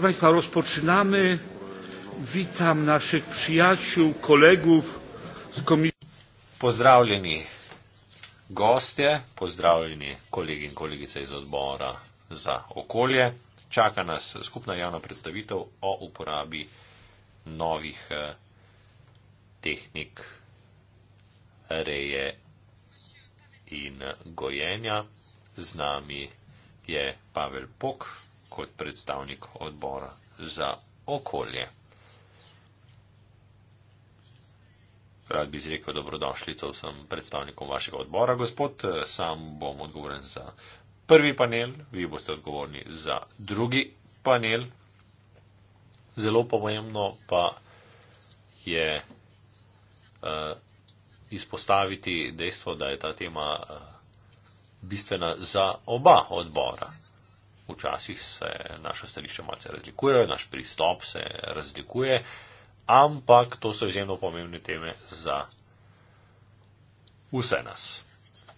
Proszę Państwa, rozpoczynamy. Witam naszych przyjaciół, kolegów z komisji. Pozdrawieni goście, pozdrawieni kolegi i kolegice z odbora za okolje. Czeka nas skupna jawna przedstawitel o uporabi nowych eh, technik reje i gojenia. Z nami jest Paweł Pokrz kot predstavnik odbora za okolje. Rad bi izrekel dobrodošlico vsem predstavnikom vašega odbora, gospod. Eh, sam bom odgovoren za prvi panel, vi boste odgovorni za drugi panel. Zelo pomembno pa je uh, izpostaviti dejstvo, da je ta tema uh, bistvena za oba odbora včasih se naše stališče malce razlikuje, naš pristop se razlikuje, ampak to so izjemno pomembne teme za vse nas.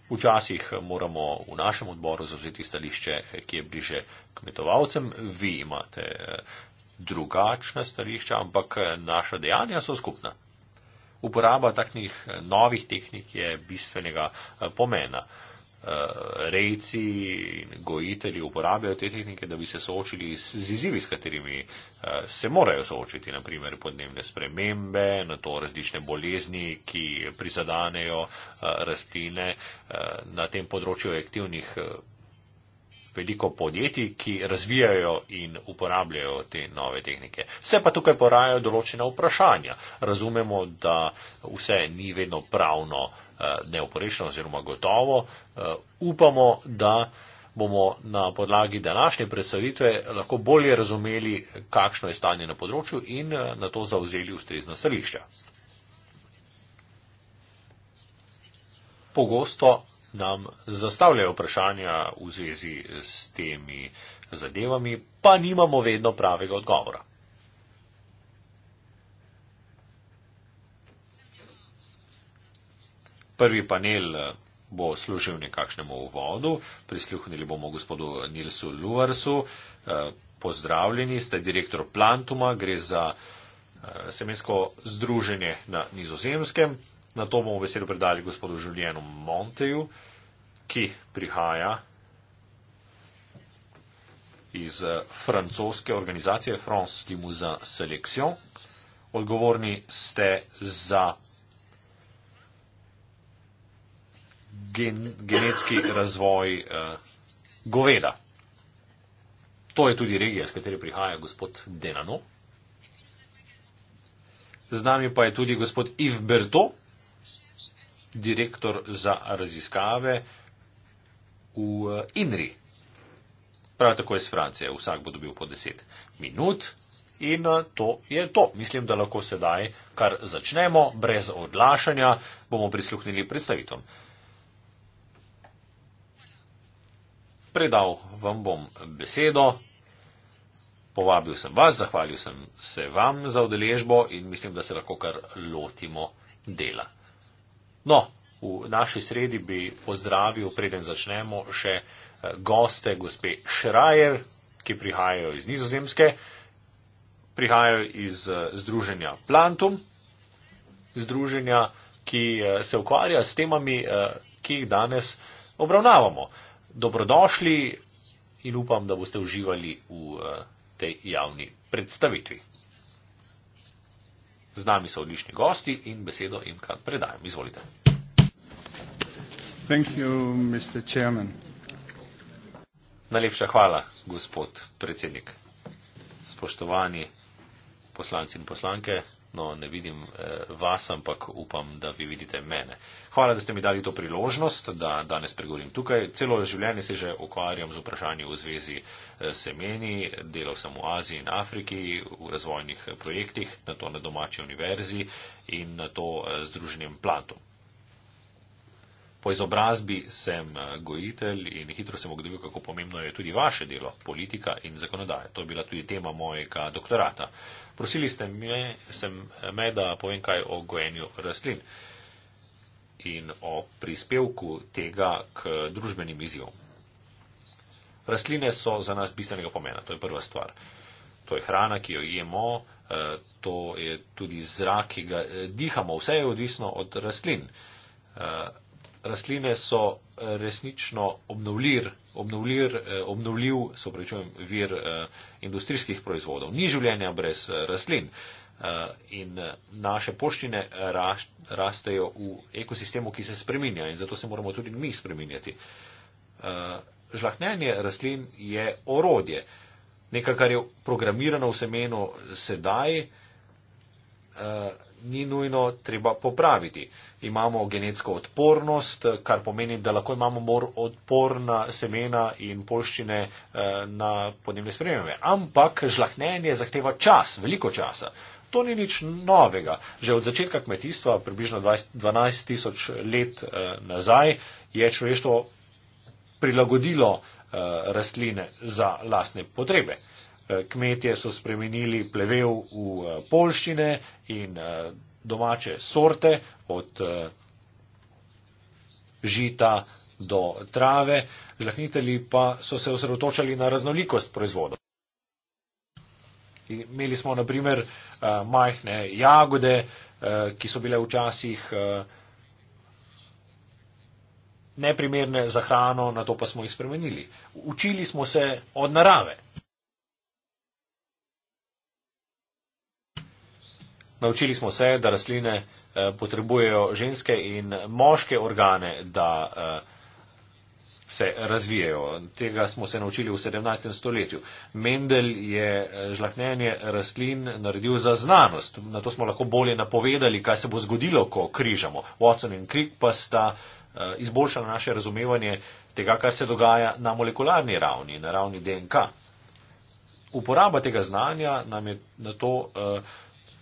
Včasih moramo v našem odboru zauzeti stališče, ki je bliže kmetovalcem. Vi imate eh, drugačna stališča, ampak eh, naša dejanja so skupna. Uporaba takšnih eh, novih tehnik je bistvenega pomena. Eh, rejci in gojitelji uporabljajo te tehnike, da bi se soočili z izzivi, s katerimi eh, se morajo soočiti, naprimer podnebne spremembe, na to različne bolezni, ki prizadanejo eh, rastline. Na tem področju je aktivnih veliko podjetij, ki razvijajo in uporabljajo te nove tehnike. Se pa tukaj porajajo določene vprašanja. Razumemo, da vse ni vedno pravno Eh, neoporečno oziroma gotovo. Eh, upamo, da bomo na podlagi današnje predstavitve lahko bolje razumeli, kakšno je stanje na področju in eh, na to zauzeli ustrezna stališča. Pogosto nam zastavljajo vprašanja v zvezi s temi zadevami, pa nimamo vedno pravega odgovora. Prvi panel eh, bo služil nekakšnemu uvodu. Prisluhnili bomo gospodu Nilsu Luversu. Eh, pozdravljeni, ste direktor Plantuma, gre za eh, semensko združenje na nizozemskem. Na to bomo besedo predali gospodu Julienu Monteju, ki prihaja iz francoske organizacije France Limousin Selection. Odgovorni ste za gen, genetski razvoj uh, goveda. To je tudi regija, z katere prihaja gospod Denano. Z nami pa je tudi gospod Yves Berto, direktor za raziskave v eh, INRI. Prav tako je iz Francije, vsak bo dobil po 10 minut in eh, to je to. Mislim, da lahko sedaj kar začnemo, brez odlašanja bomo prisluhnili predstavitom. predal vam bom besedo. Povabil sem vas, zahvalil sem se vam za udeležbo in mislim, da se lahko kar lotimo dela. No, v naši sredi bi pozdravil, preden začnemo, še eh, goste gospe Šrajer, ki prihajajo iz Nizozemske, prihajajo iz eh, Združenja Plantum, združenja, ki eh, se ukvarja s temami, ki jih danes obravnavamo dobrodošli in upam, da boste uživali v eh, tej javni predstavitvi. Z nami so odlični gosti in besedo jim kar predajam. Izvolite. You, Najlepša hvala, gospod predsednik. Spoštovani poslanci in poslanke, No, ne vidim eh, vas, ampak upam, da vi vidite mene. Hvala, da ste mi dali to priložnost, da danes pregovorim tukaj. Celo življenje se že ukvarjam z vprašanji v zvezi eh, semeni, delal sem v Aziji in Afriki, v razvojnih projektih, na to na domači univerzi in na to eh, združenjem Plantom. Po izobrazbi sem eh, gojitelj in hitro sem ugotovil, kako pomembno je tudi vaše delo, politika in zakonodaja. To je bila tudi tema mojega doktorata. Prosili ste me, sem eh, me da povem kaj o gojenju rastlin in o prispevku tega k družbenim izjivom. Rastline so za nas bistvenega pomena, to je prva stvar. To je hrana, ki jo jemo, eh, to je tudi zrak, ki ga dihamo, vse je odvisno od rastlin rastline so eh, resnično obnovljir, obnovljiv eh, čujem, vir eh, industrijskih proizvodov. Ni življenja brez rastlin. In naše poščine rastejo v ekosistemu, ki se spreminja in zato se moramo tudi mi spreminjati. Žlahnjenje rastlin je orodje. Nekaj, kar je programirano v semenu sedaj, ni nujno treba popraviti. Imamo genetsko odpornost, kar pomeni, da lahko imamo bolj odporna semena in polščine eh, na podnebne spremembe. Ampak žlahnenje zahteva čas, veliko časa. To ni nič novega. Že od začetka kmetijstva, približno 12 tisoč let eh, nazaj, je človeštvo prilagodilo eh, rastline za lasne potrebe kmetje so spremenili plevel v eh, polščine in eh, domače sorte od eh, žita do trave, žlahniteli pa so se osredotočali na raznolikost proizvodov. Imeli smo na primer majhne jagode, ki so bile včasih neprimerne za hrano, na to pa smo jih spremenili. Učili smo se od narave. Naučili smo se, da rastline eh, potrebujejo ženske in moške organe, da eh, se razvijajo. Tega smo se naučili v 17. stoletju. Mendel je eh, žlahnenje rastlin naredil za znanost. Na to smo lahko bolje napovedali, kaj se bo zgodilo, ko križamo. Watson in Crick pa sta izboljšala naše razumevanje tega, kar se dogaja na molekularni ravni, na ravni DNK. Uporaba tega znanja nam je na to uh,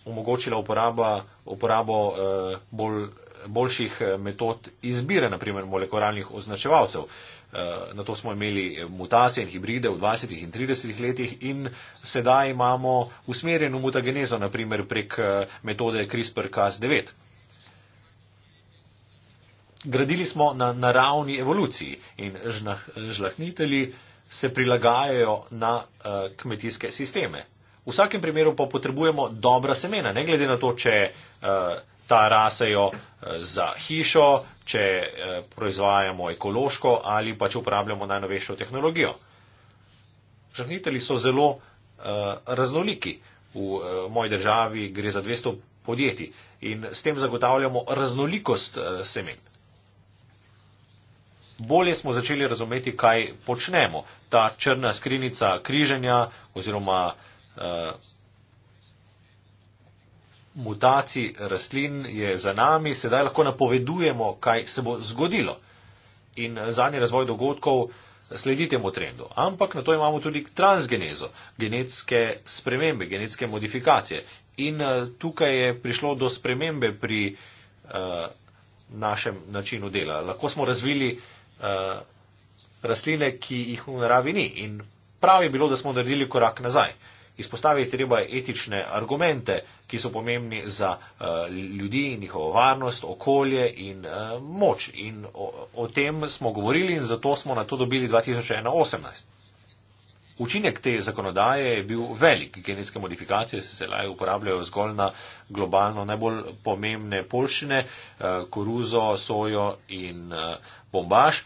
omogočila uporaba, uporabo eh, bolj, boljših eh, metod izbire, naprimer molekularnih označevalcev. Eh, na to smo imeli eh, mutacije in hibride v 20 in 30 letih in sedaj imamo usmerjeno mutagenezo, naprimer prek eh, metode CRISPR-Cas9. Gradili smo na naravni evoluciji in žlahnitelji se prilagajajo na uh, kmetijske sisteme. V vsakem primeru pa potrebujemo dobra semena, ne glede na to, če eh, ta rasejo eh, za hišo, če eh, proizvajamo ekološko ali pa če uporabljamo najnovejšo tehnologijo. Žahniteli so zelo raznoliki. V moji državi gre za 200 podjetij in s tem zagotavljamo raznolikost semen. Bolje smo začeli razumeti, kaj počnemo. Ta črna skrinica križanja oziroma uh, uh, mutacij rastlin je za nami, sedaj lahko napovedujemo, kaj se bo zgodilo. In eh, zadnji razvoj dogodkov sledi temu trendu. Ampak na to imamo tudi transgenezo, genetske spremembe, genetske modifikacije. In uh, tukaj je prišlo do spremembe pri uh, našem načinu dela. Lahko smo razvili uh, rastline, ki jih v naravi ni. In prav je bilo, da smo naredili korak nazaj. Uh, Izpostaviti treba etične argumente, ki so pomembni za uh, ljudi, njihovo varnost, okolje in uh, moč. In o, o tem smo govorili in zato smo na to dobili 2018. Učinek te zakonodaje je bil velik. Genetske modifikacije se sedaj uporabljajo zgolj na globalno najbolj pomembne polščine, eh, koruzo, sojo in bombaž.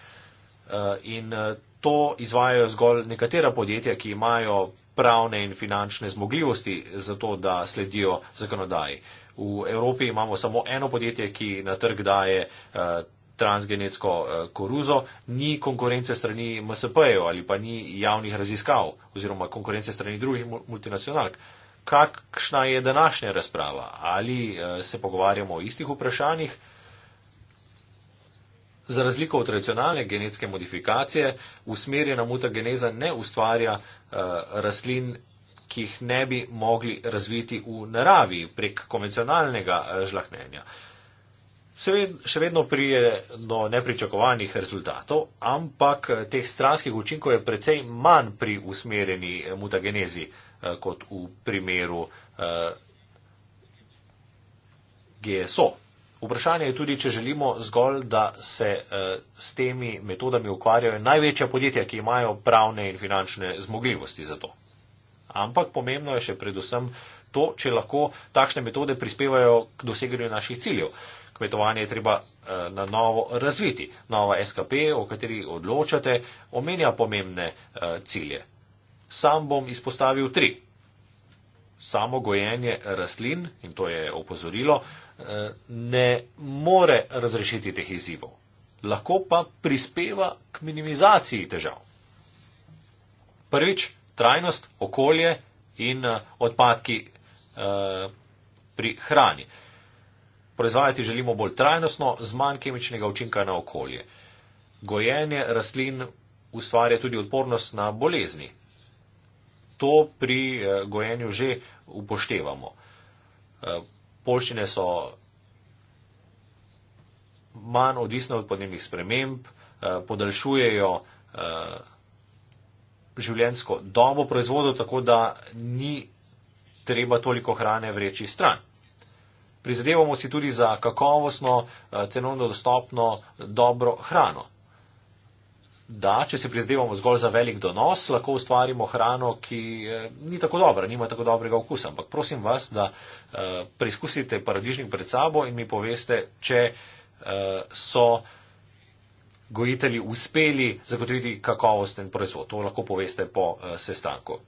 In to izvajajo zgolj nekatera podjetja, ki imajo pravne in finančne zmogljivosti za to, da sledijo zakonodaji. V Evropi imamo samo eno podjetje, ki na trg daje eh, transgenetsko eh, koruzo, ni konkurence strani MSP-jev ali pa ni javnih raziskav oziroma konkurence strani drugih multinacionalk. Kakšna je današnja razprava? Ali eh, se pogovarjamo o istih vprašanjih? Za razliko od tradicionalne genetske modifikacije, usmerjena mutageneza ne ustvarja uh, rastlin, ki jih ne bi mogli razviti v naravi prek konvencionalnega uh, eh, žlahnenja. Seved, še vedno prije do nepričakovanih rezultatov, ampak eh, teh stranskih učinkov je precej manj pri usmerjeni mutagenezi uh, kot v primeru uh, GSO. Vprašanje je tudi, če želimo zgolj, da se eh, s temi metodami ukvarjajo največja podjetja, ki imajo pravne in finančne zmogljivosti za to. Ampak pomembno je še predvsem to, če lahko takšne metode prispevajo k doseganju naših ciljev. Kmetovanje je treba eh, na novo razviti. Nova SKP, o kateri odločate, omenja pomembne eh, cilje. Sam bom izpostavil tri. Samo gojenje rastlin, in to je opozorilo, ne more razrešiti teh izzivov, lahko pa prispeva k minimizaciji težav. Prvič, trajnost, okolje in eh, odpadki eh, pri hrani. Proizvajati želimo bolj trajnostno, z manj kemičnega učinka na okolje. Gojenje rastlin ustvarja tudi odpornost na bolezni. To pri eh, gojenju že upoštevamo poljščine so manj odvisne od podnebnih sprememb, eh, podaljšujejo eh, življensko dobo proizvodov, tako da ni treba toliko hrane vreči stran. Prizadevamo si tudi za kakovostno, eh, cenovno dostopno, dobro hrano da, če si prizadevamo zgolj za velik donos, lahko ustvarimo hrano, ki eh, ni tako dobra, nima tako dobrega okusa. Ampak prosim vas, da eh, preizkusite paradižnik pred sabo in mi poveste, če eh, so gojitelji uspeli zagotoviti kakovosten proizvod. To lahko poveste po sestanku.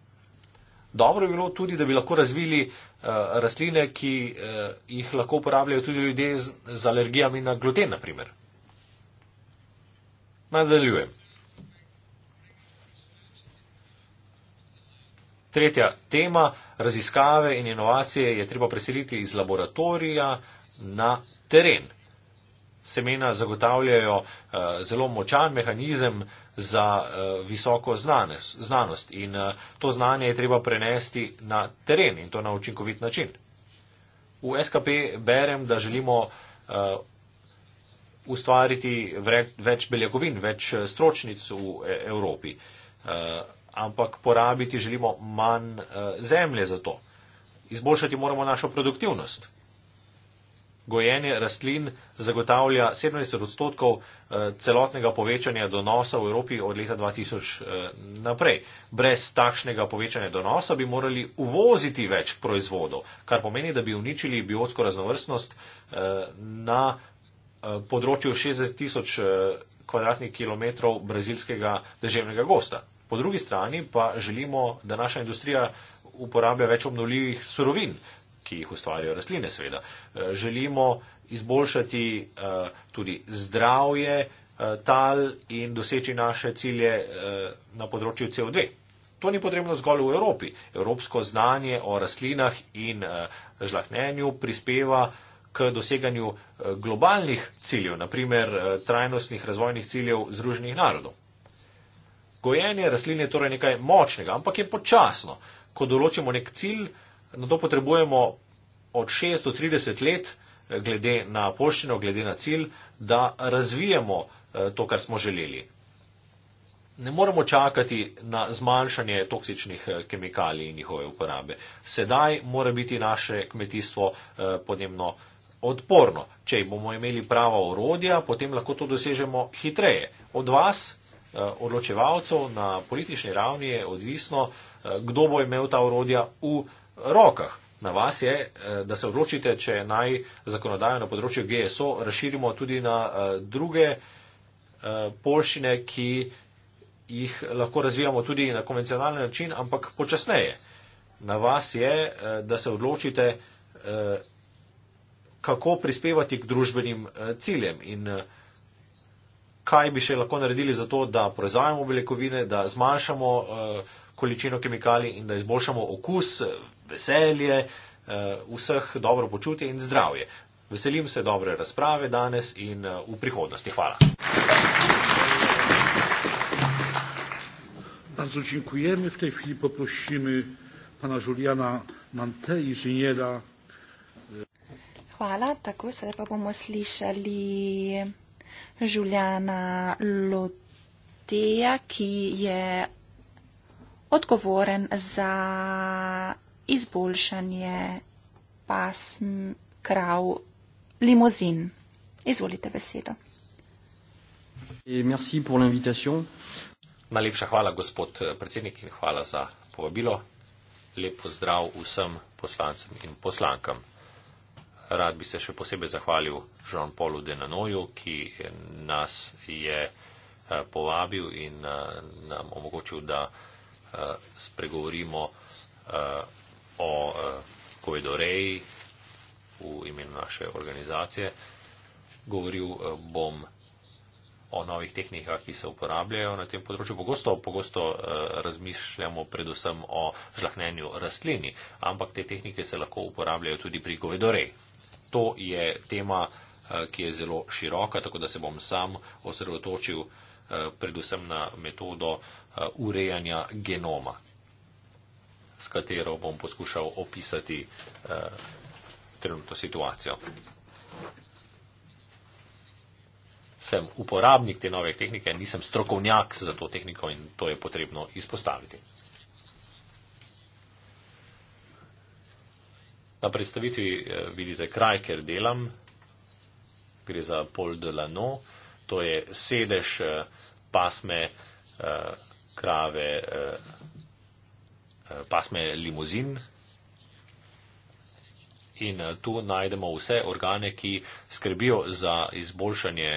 Dobro bi bilo tudi, da bi lahko razvili rastline, ki jih lahko uporabljajo tudi ljudje z alergijami na gluten, naprimer. Nadaljujem. Tretja tema, raziskave in inovacije je treba preseliti iz laboratorija na teren. Semena zagotavljajo eh, zelo močan mehanizem za eh, visoko znanost in eh, to znanje je treba prenesti na teren in to na učinkovit način. V SKP berem, da želimo ustvariti več beljakovin, več stročnic v e-, Evropi ampak porabiti želimo manj eh, zemlje za to. Izboljšati moramo našo produktivnost. Gojenje rastlin zagotavlja 70 odstotkov eh, celotnega povečanja donosa v Evropi od leta 2000 eh, naprej. Brez takšnega povečanja donosa bi morali uvoziti več proizvodov, kar pomeni, da bi uničili biotsko raznovrstnost na področju 60 tisoč kvadratnih kilometrov brazilskega državnega gosta. Po drugi strani pa želimo, da naša industrija uporablja več obnovljivih surovin, ki jih ustvarjajo rastline, seveda. Eh, želimo izboljšati eh, tudi zdravje eh, tal in doseči naše cilje na področju CO2. To ni potrebno zgolj v Evropi. Evropsko znanje o rastlinah in žlahnenju prispeva k doseganju globalnih ciljev, naprimer trajnostnih razvojnih ciljev Združenih narodov. Gojenje rastlin je torej nekaj močnega, ampak je počasno. Ko določimo nek cilj, na to potrebujemo od 6 do 30 let, eh, glede na poščino, glede na cilj, da razvijemo eh, to, kar smo želeli. Ne moremo čakati na zmanjšanje toksičnih eh, kemikalij in njihove uporabe. Sedaj mora biti naše kmetijstvo podnebno odporno. Če bomo imeli prava orodja, potem lahko to dosežemo hitreje. Od vas Eh, odločevalcev na politični ravni je odvisno, eh, kdo bo imel ta orodja v rokah. Na vas je, eh, da se odločite, če naj zakonodajo na področju GSO razširimo tudi na druge polščine, ki jih lahko razvijamo tudi na konvencionalni način, ampak počasneje. Na vas je, da se odločite, kako prispevati k družbenim ciljem in kaj bi še lahko naredili za to, da proizvajamo beljakovine, da zmanjšamo eh, količino kemikalij in da izboljšamo okus, eh, veselje, eh, vseh dobro počutje in zdravje. Veselim se dobre razprave danes in v prihodnosti. Hvala. Bardzo dziękujemy. W tej chwili poprosimy pana Juliana Mante, inżyniera. Hvala, tako se pa bomo slišali. Žuljana Loteja, ki je odgovoren za izboljšanje pasm krav limuzin. Izvolite besedo. Eh, Najlepša hvala, gospod eh, predsednik, in hvala za povabilo. Lep pozdrav vsem poslancem in poslankam rad bi se še posebej zahvalil Jean-Paulu Denanoju, ki nas je eh, povabil in eh, nam omogočil, da eh, spregovorimo o Kovedoreji v imenu naše organizacije. Govoril bom o novih tehnikah, ki se uporabljajo na tem področju. Pogosto, pogosto razmišljamo predvsem o žlahnenju rastlini, ampak te tehnike se lahko uporabljajo tudi pri govedoreji to je tema, eh, ki je zelo široka, tako da se bom sam osredotočil eh, predvsem na metodo eh, urejanja genoma, s katero bom poskušal opisati trenutno situacijo. Sem uporabnik te nove tehnike, nisem strokovnjak za to tehniko in to je potrebno izpostaviti. Na predstavitvi eh, vidite kraj, kjer delam. Gre za Pol de Lano, to je sedež eh, pasme eh, krave, pasme limuzin. In tu najdemo vse organe, ki skrbijo za izboljšanje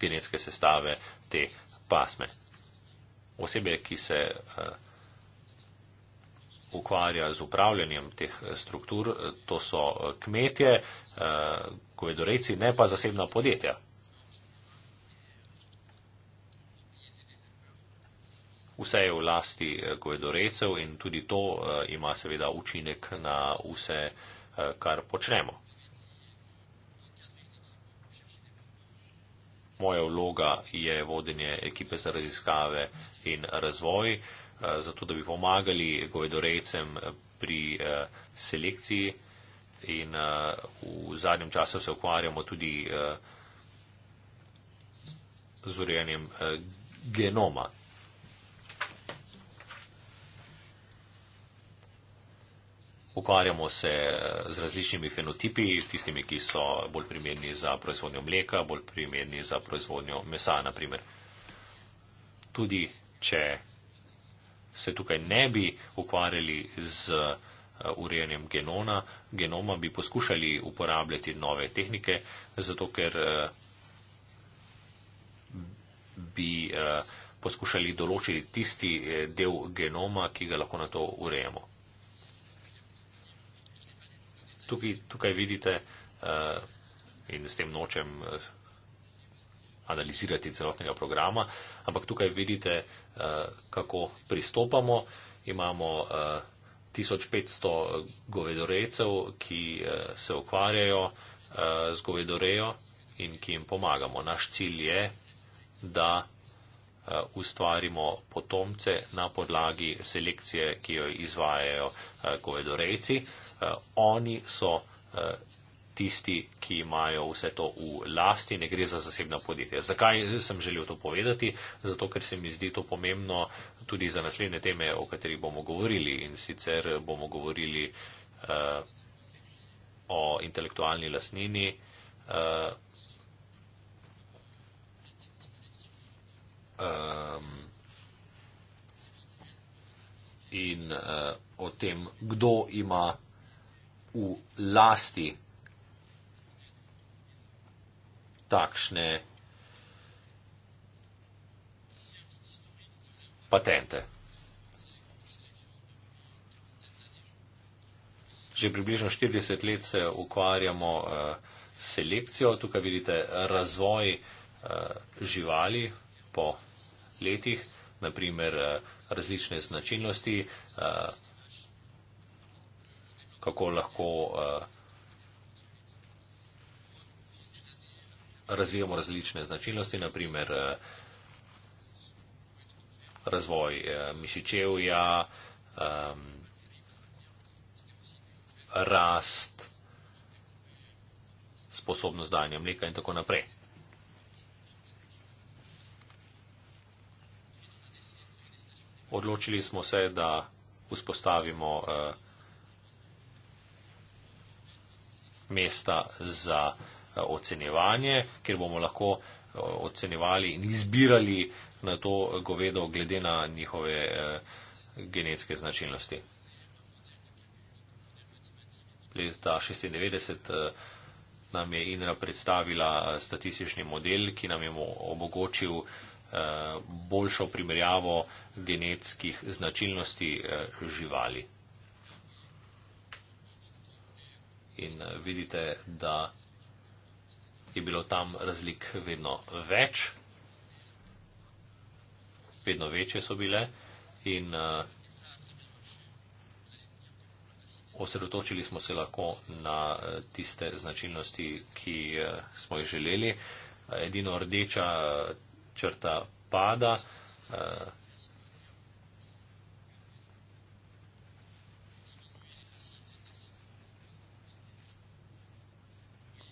genetske sestave te pasme. Osebe, ki se ukvarjajo z upravljanjem teh eh, struktur, eh, to so eh, kmetje, govedoreci, ne pa zasebna podjetja. Vse je v lasti govedorecev in tudi to ima seveda učinek na vse, kar počnemo. Moja vloga je vodenje ekipe za raziskave in razvoj. Eh, zato da bi pomagali govedorejcem eh, pri eh, selekciji. In v zadnjem času se ukvarjamo tudi z urejanjem genoma. Ukvarjamo se z različnimi fenotipi, tistimi, ki so bolj primerni za proizvodnjo mleka, bolj primerni za proizvodnjo mesa, naprimer. Tudi, če se tukaj ne bi ukvarjali z eh, urejanjem genona, genoma bi poskušali uporabljati nove tehnike, zato ker eh, bi eh, poskušali določiti tisti del genoma, ki ga lahko na to urejemo. Tukaj, tukaj vidite in s tem nočem analizirati celotnega programa, ampak tukaj vidite, eh, kako pristopamo. Imamo 1500 eh, eh, govedorejcev, ki se ukvarjajo z govedorejo in ki jim pomagamo. Naš cilj je, da ustvarimo potomce na podlagi selekcije, ki jo izvajajo govedorejci. Oni so tisti, ki imajo vse to v lasti, ne gre za zasebna podjetja. Zakaj sem želel to povedati? Zato, ker se mi zdi to pomembno tudi za naslednje teme, o katerih bomo govorili in sicer bomo govorili uh, o intelektualni lasnini. Uh, eh, um, in uh, o tem, kdo ima v lasti takšne patente. Že približno 40 let se ukvarjamo eh, s selekcijo. Tukaj vidite razvoj eh, živali po letih, naprimer eh, različne značilnosti, kako lahko razvijamo različne značilnosti, naprimer eh, razvoj eh, mišičevja, rast, sposobnost danja mleka in tako naprej. Odločili smo se, da vzpostavimo eh, mesta za Eh, ocenjevanje, kjer bomo lahko eh, ocenjevali in izbirali na to govedo glede na njihove eh, genetske značilnosti. Leta 1996 nam je INRA predstavila statistični model, ki nam je omogočil boljšo primerjavo genetskih značilnosti živali. In vidite, da je bilo tam razlik vedno več, vedno večje so bile in eh, osredotočili smo se lahko na eh, tiste značilnosti, ki eh, smo jih želeli. Edino rdeča črta pada.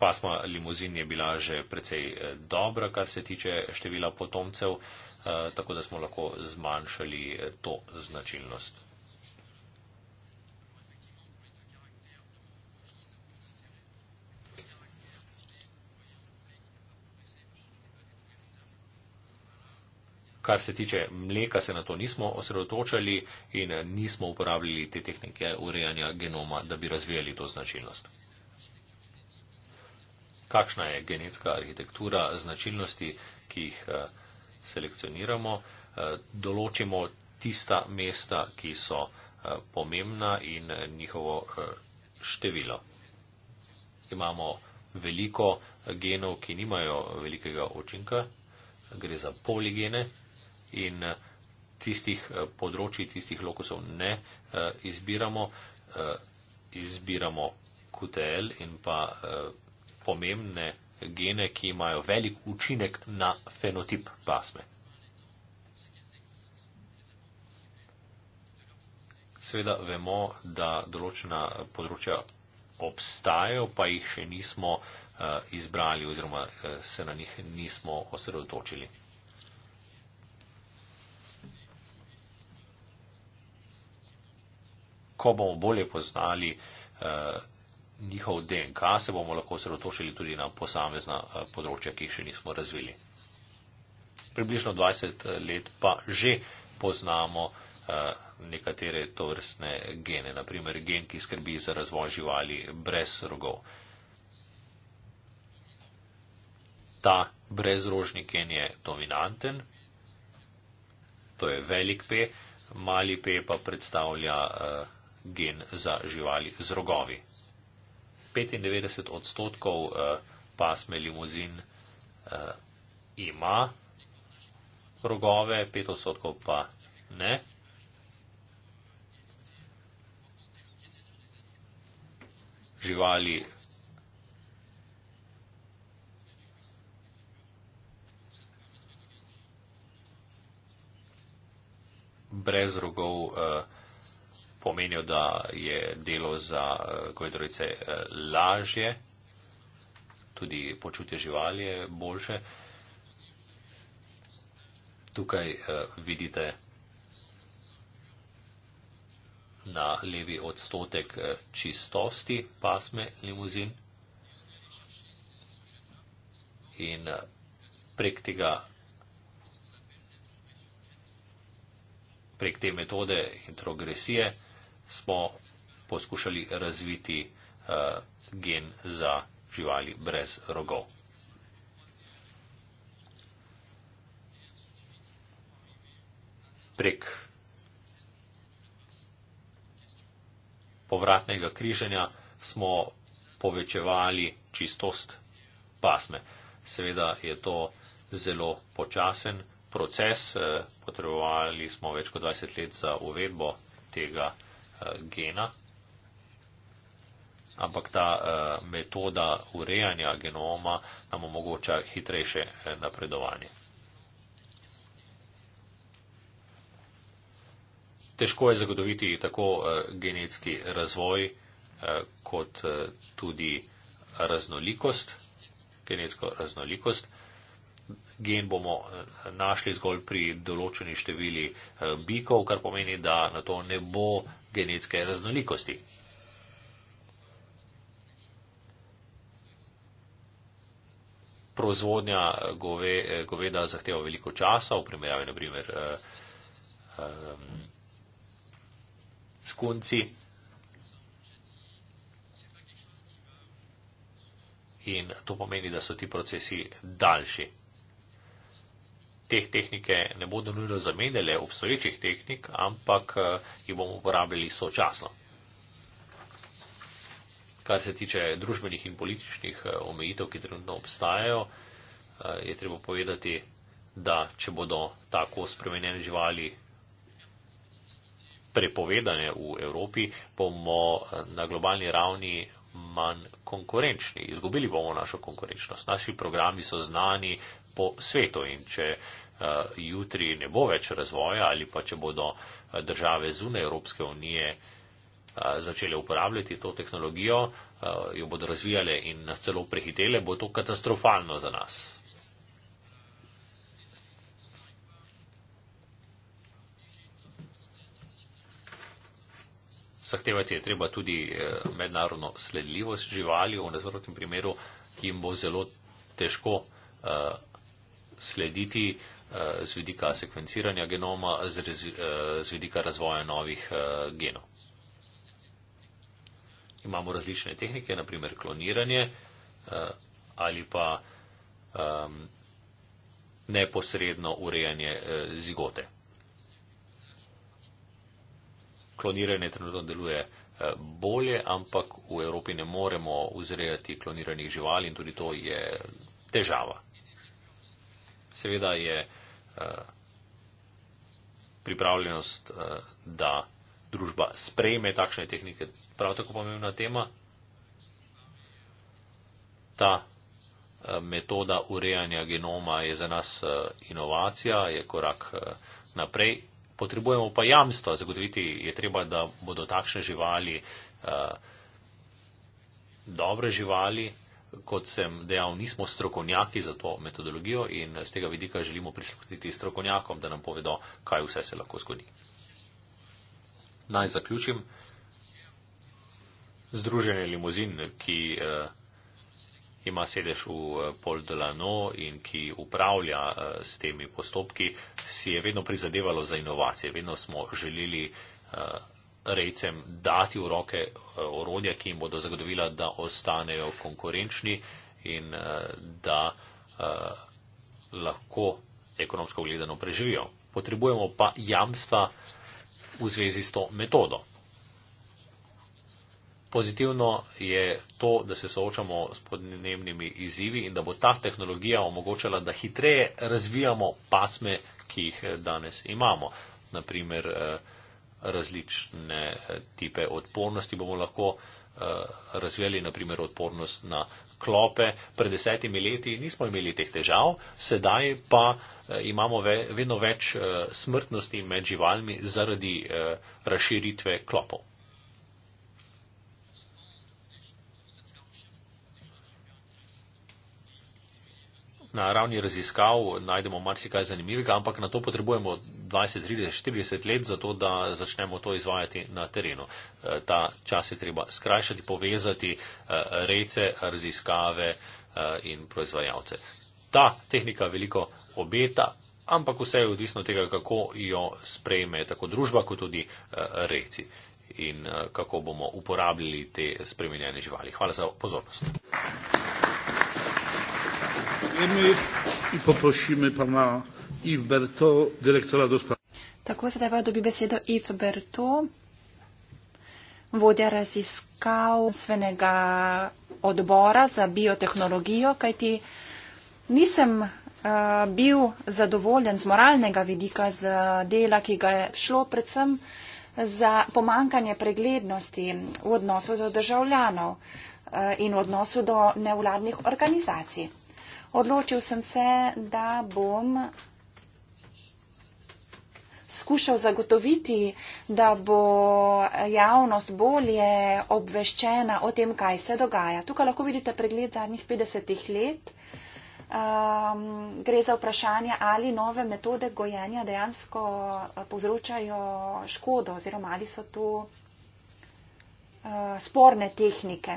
pasma limuzin je bila že precej eh, dobra, kar se tiče števila potomcev, eh, tako da smo lahko zmanjšali eh, to značilnost. Kar se tiče mleka, se na to nismo osredotočali in nismo uporabljali te tehnike urejanja genoma, da bi razvijali to značilnost kakšna je genetska arhitektura značilnosti, ki jih eh, selekcioniramo, eh, določimo tista mesta, ki so eh, pomembna in njihovo število. Imamo veliko genov, ki nimajo velikega očinka, gre za poligene in tistih področji, tistih lokusov ne izbiramo, izbiramo QTL in pa pomembne gene, ki imajo velik učinek na fenotip pasme. Seveda vemo, da določena področja obstajajo, pa jih še nismo eh, izbrali oziroma eh, se na njih nismo osredotočili. Ko bomo bolje poznali eh, njihov DNK, se bomo lahko osredotočili tudi na posamezna eh, področja, ki jih še nismo razvili. Približno 20 eh, let pa že poznamo eh, nekatere to vrstne gene, naprimer gen, ki skrbi za razvoj živali brez rogov. Ta brezrožni gen je dominanten, to je velik P, mali P pa predstavlja gen za živali z rogovi. 95 odstotkov eh, pasme limuzin eh, ima rogove, 5 odstotkov pa ne. Živali brez rogov eh, pomenil, da je delo za gojdrojce eh, eh, lažje, tudi počutje živali je boljše. Tukaj eh, vidite na levi odstotek čistosti pasme limuzin in prek tega prek te metode in progresije smo poskušali razviti uh, gen za živali brez rogov. Prek povratnega križanja smo povečevali čistost pasme. Seveda je to zelo počasen proces, eh, potrebovali smo več kot 20 let za uvedbo tega uh, gena, ampak ta uh, metoda urejanja genoma nam omogoča hitrejše eh, napredovanje. Težko je zagotoviti tako uh, genetski razvoj uh, kot uh, tudi raznolikost, genetsko raznolikost. Gen bomo našli zgolj pri določeni števili bikov, kar pomeni, da na to ne bo genetske raznolikosti. Proizvodnja gove, goveda zahteva veliko časa, v primerjavi naprimer eh, eh, s kunci. In to pomeni, da so ti procesi daljši te tehnike ne bodo nujno zamenjale obstoječih tehnik, ampak eh, jih bomo uporabljali sočasno. Kar se tiče družbenih in političnih eh, omejitev, ki trenutno obstajajo, eh, je treba povedati, da če bodo tako spremenjene živali prepovedane v Evropi, bomo na globalni ravni manj konkurenčni. Izgubili bomo našo konkurenčnost. Naši programi so znani, po svetu. In če uh, jutri ne bo več razvoja ali pa če bodo eh, države zunaj Evropske unije eh, začele uporabljati to tehnologijo, jo bodo razvijale in nas celo prehitele, bo to katastrofalno za nas. Zahtevati je treba tudi mednarodno sledljivost živali, v nasprotnem primeru, ki jim bo zelo težko slediti eh, z vidika sekvenciranja genoma, z eh, vidika razvoja novih eh, genov. Imamo različne tehnike, naprimer kloniranje ali pa ehm, neposredno urejanje zigote. Kloniranje trenutno deluje bolje, ampak v Evropi ne moremo vzrejati kloniranih živali in tudi to je težava. Seveda je eh, pripravljenost, eh, da družba sprejme takšne tehnike, prav tako pomembna tema. Ta eh, metoda urejanja genoma je za nas inovacija, je korak naprej. Potrebujemo pa jamstva, zagotoviti je treba, da bodo takšne živali dobre živali, kot sem dejal, nismo strokovnjaki za to metodologijo in z tega vidika želimo prisluhniti strokovnjakom, da nam povedo, kaj vse se lahko zgodi. Naj zaključim. Združenje limuzin, ki eh, ima sedež v eh, Pol de Lano in ki upravlja eh, s temi postopki, si je vedno prizadevalo za inovacije. Vedno smo želeli. Eh, rejcem dati v roke eh, orodja, ki jim bodo zagotovila, da ostanejo konkurenčni in eh, da eh, lahko ekonomsko gledano preživijo. Potrebujemo pa jamstva v zvezi s to metodo. Pozitivno je to, da se soočamo s podnebnimi izzivi in da bo ta tehnologija omogočala, da hitreje razvijamo pasme, ki jih danes imamo. Naprimer, različne eh, tipe odpornosti. Bomo lahko eh, razvijali naprimer odpornost na klope. Pred desetimi leti nismo imeli teh težav, sedaj pa eh, imamo ve, vedno več smrtnosti med živalmi zaradi razširitve klopov. Na ravni raziskav najdemo marsikaj zanimivega, ampak na to potrebujemo 20, 30, 40 let za to, da začnemo to izvajati na terenu. Eh, ta čas je treba skrajšati, povezati eh, rejce, raziskave eh, in proizvajalce. Ta tehnika veliko obeta, ampak vse je odvisno od tega, kako jo sprejme tako družba, kot tudi rejci in kako bomo uporabljali te spremenjene živali. Hvala za pozornost. Let me, if I push you, Iv Berto, direktorat gospod. Tako sedaj pa dobi besedo Iv Berto, vodja raziskav svenega odbora za biotehnologijo, kajti nisem uh, bil zadovoljen z moralnega vidika z dela, ki ga je šlo predvsem za pomankanje preglednosti v odnosu do državljanov eh, in v odnosu do nevladnih organizacij. Odločil sem se, da bom skušal zagotoviti, da bo javnost bolje obveščena o tem, kaj se dogaja. Tukaj lahko vidite pregled zadnjih 50 let. Um, gre za vprašanje, ali nove metode gojenja dejansko eh, povzročajo škodo oziroma ali so tu Eh, sporne tehnike.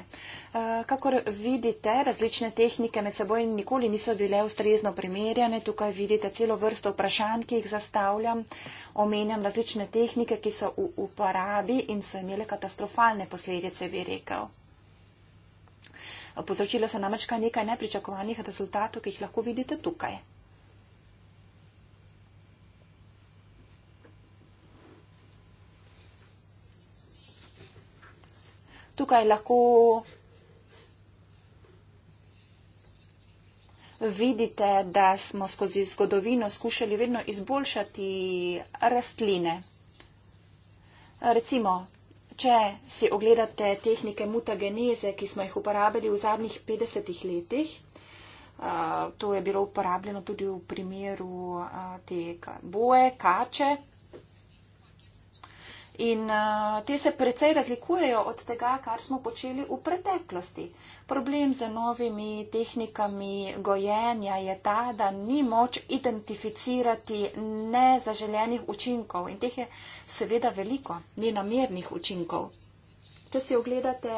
Eh, kakor vidite, različne tehnike med seboj nikoli niso bile ustrezno primerjane. Tukaj vidite celo vrsto vprašanj, ki jih zastavljam. Omenjam različne tehnike, ki so v uporabi in so imele katastrofalne posledice, bi rekel. Povzročilo se namreč kar nekaj nepričakovanih rezultatov, ki jih lahko vidite tukaj. tukaj lahko vidite, da smo skozi zgodovino skušali vedno izboljšati rastline. Recimo, če si ogledate tehnike mutageneze, ki smo jih uporabili v zadnjih 50 letih, to je bilo uporabljeno tudi v primeru te boje, kače, In uh, te se precej razlikujejo od tega, kar smo počeli v preteklosti. Problem z novimi tehnikami gojenja je ta, da ni moč identificirati nezaželenih učinkov in teh je seveda veliko, ni namernih učinkov. Če si ogledate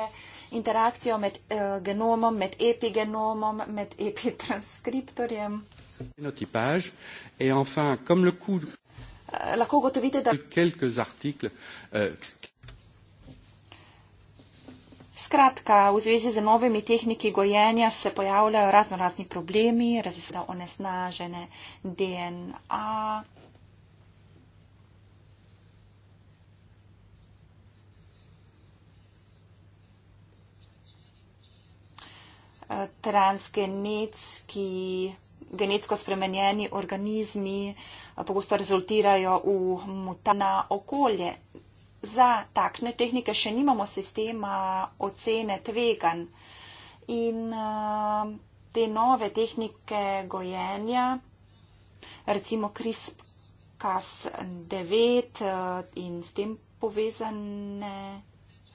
interakcijo med uh, genomom, med epigenomom, med epitranskriptorjem. Enfin, coût... Eh, lahko ugotovite, da. Eh, Skratka, v zvezi z novimi tehniki gojenja se pojavljajo razno razni problemi, raziskave onesnažene DNA. Eh, transgenetski, genetsko spremenjeni organizmi, uh, pogosto rezultirajo v mutana okolje. Za takšne tehnike še nimamo sistema ocene tvegan in eh, te nove tehnike gojenja, recimo CRISPR-Cas9 eh, in s tem povezane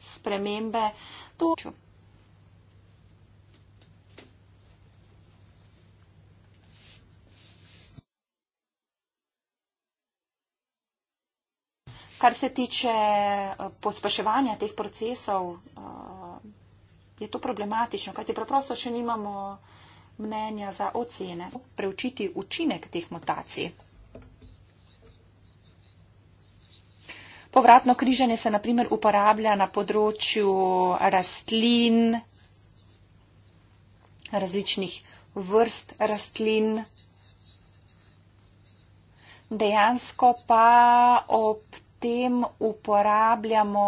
spremembe, to čujem. Kar se tiče eh, pospeševanja teh procesov, eh, je to problematično, kajti preprosto še nimamo mnenja za ocene. Preučiti učinek teh mutacij. Povratno križanje se naprimer uporablja na področju rastlin, različnih vrst rastlin. Dejansko pa ob potem uporabljamo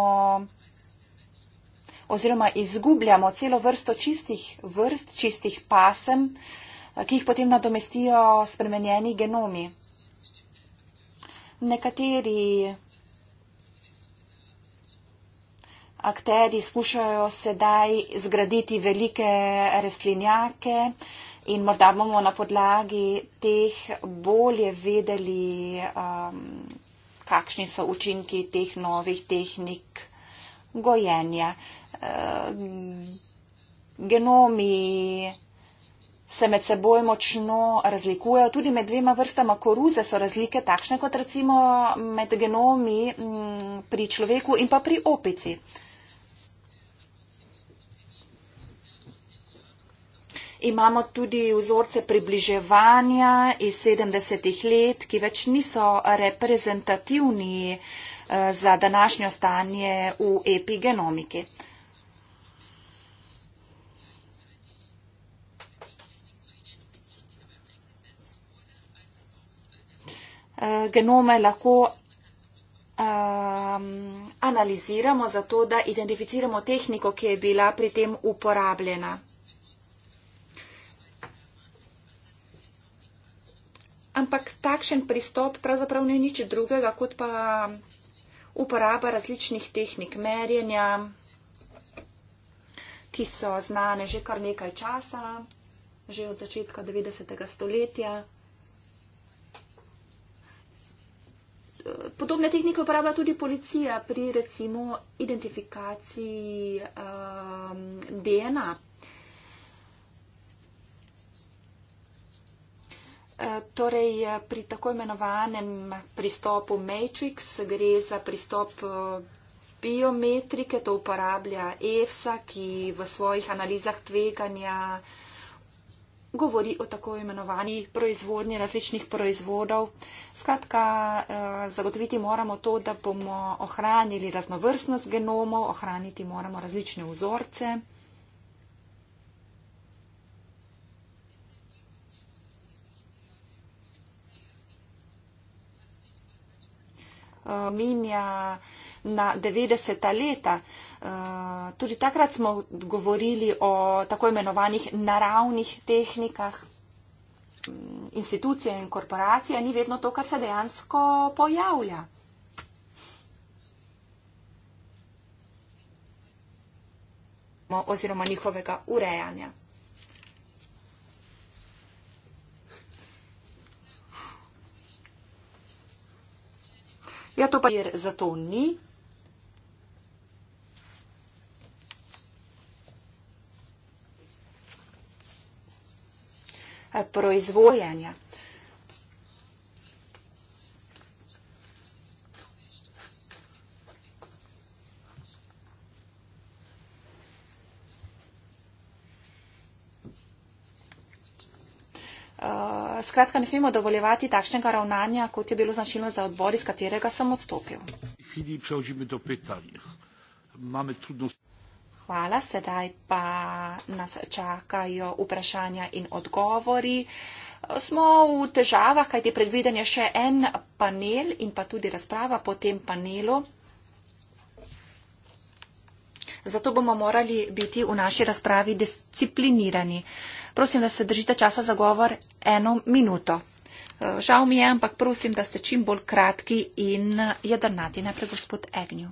oziroma izgubljamo celo vrsto čistih vrst, čistih pasem, ki jih potem nadomestijo spremenjeni genomi. Nekateri akteri skušajo sedaj zgraditi velike rastlinjake in morda bomo na podlagi teh bolje vedeli. Um, kakšni so učinki teh novih tehnik gojenja. Eh, genomi se med seboj močno razlikujejo, tudi med dvema vrstama koruze so razlike takšne kot recimo med genomi mm, pri človeku in pa pri opici. Imamo tudi vzorce približevanja iz 70-ih let, ki več niso reprezentativni eh, za današnjo stanje v epigenomiki. Eh, genome lahko um, analiziramo zato, da identificiramo tehniko, ki je bila pri tem uporabljena. Ampak takšen pristop pravzaprav ni nič drugega, kot pa uporaba različnih tehnik merjenja, ki so znane že kar nekaj časa, že od začetka 90. stoletja. Podobne tehnike uporablja tudi policija pri recimo identifikaciji um, DNA Eh, torej, eh, pri tako imenovanem pristopu Matrix gre za pristop eh, biometrike, to uporablja EFSA, ki v svojih analizah tveganja govori o tako imenovani proizvodnji različnih proizvodov. Skratka, zagotoviti moramo to, da bomo ohranili raznovrstnost genomov, ohraniti moramo različne vzorce. minja na 90-ta leta. Eh, tudi takrat smo govorili o tako imenovanih naravnih tehnikah. Mm, Institucija in korporacija ni vedno to, kar se dejansko pojavlja. oziroma njihovega urejanja. Ja, to pa je, zato ni. proizvojanja. Skratka, ne smemo dovoljevati takšnega ravnanja, kot je bilo značilno za odbor, iz katerega sem odstopil. Hvala, sedaj pa nas čakajo vprašanja in odgovori. Smo v težavah, kajti predviden je še en panel in pa tudi razprava po tem panelu zato bomo morali biti v naši razpravi disciplinirani. Prosim, da se držite časa za govor eno minuto. E, žal mi je, ampak prosim, da ste čim bolj kratki in jedrnati. Najprej gospod Egnju.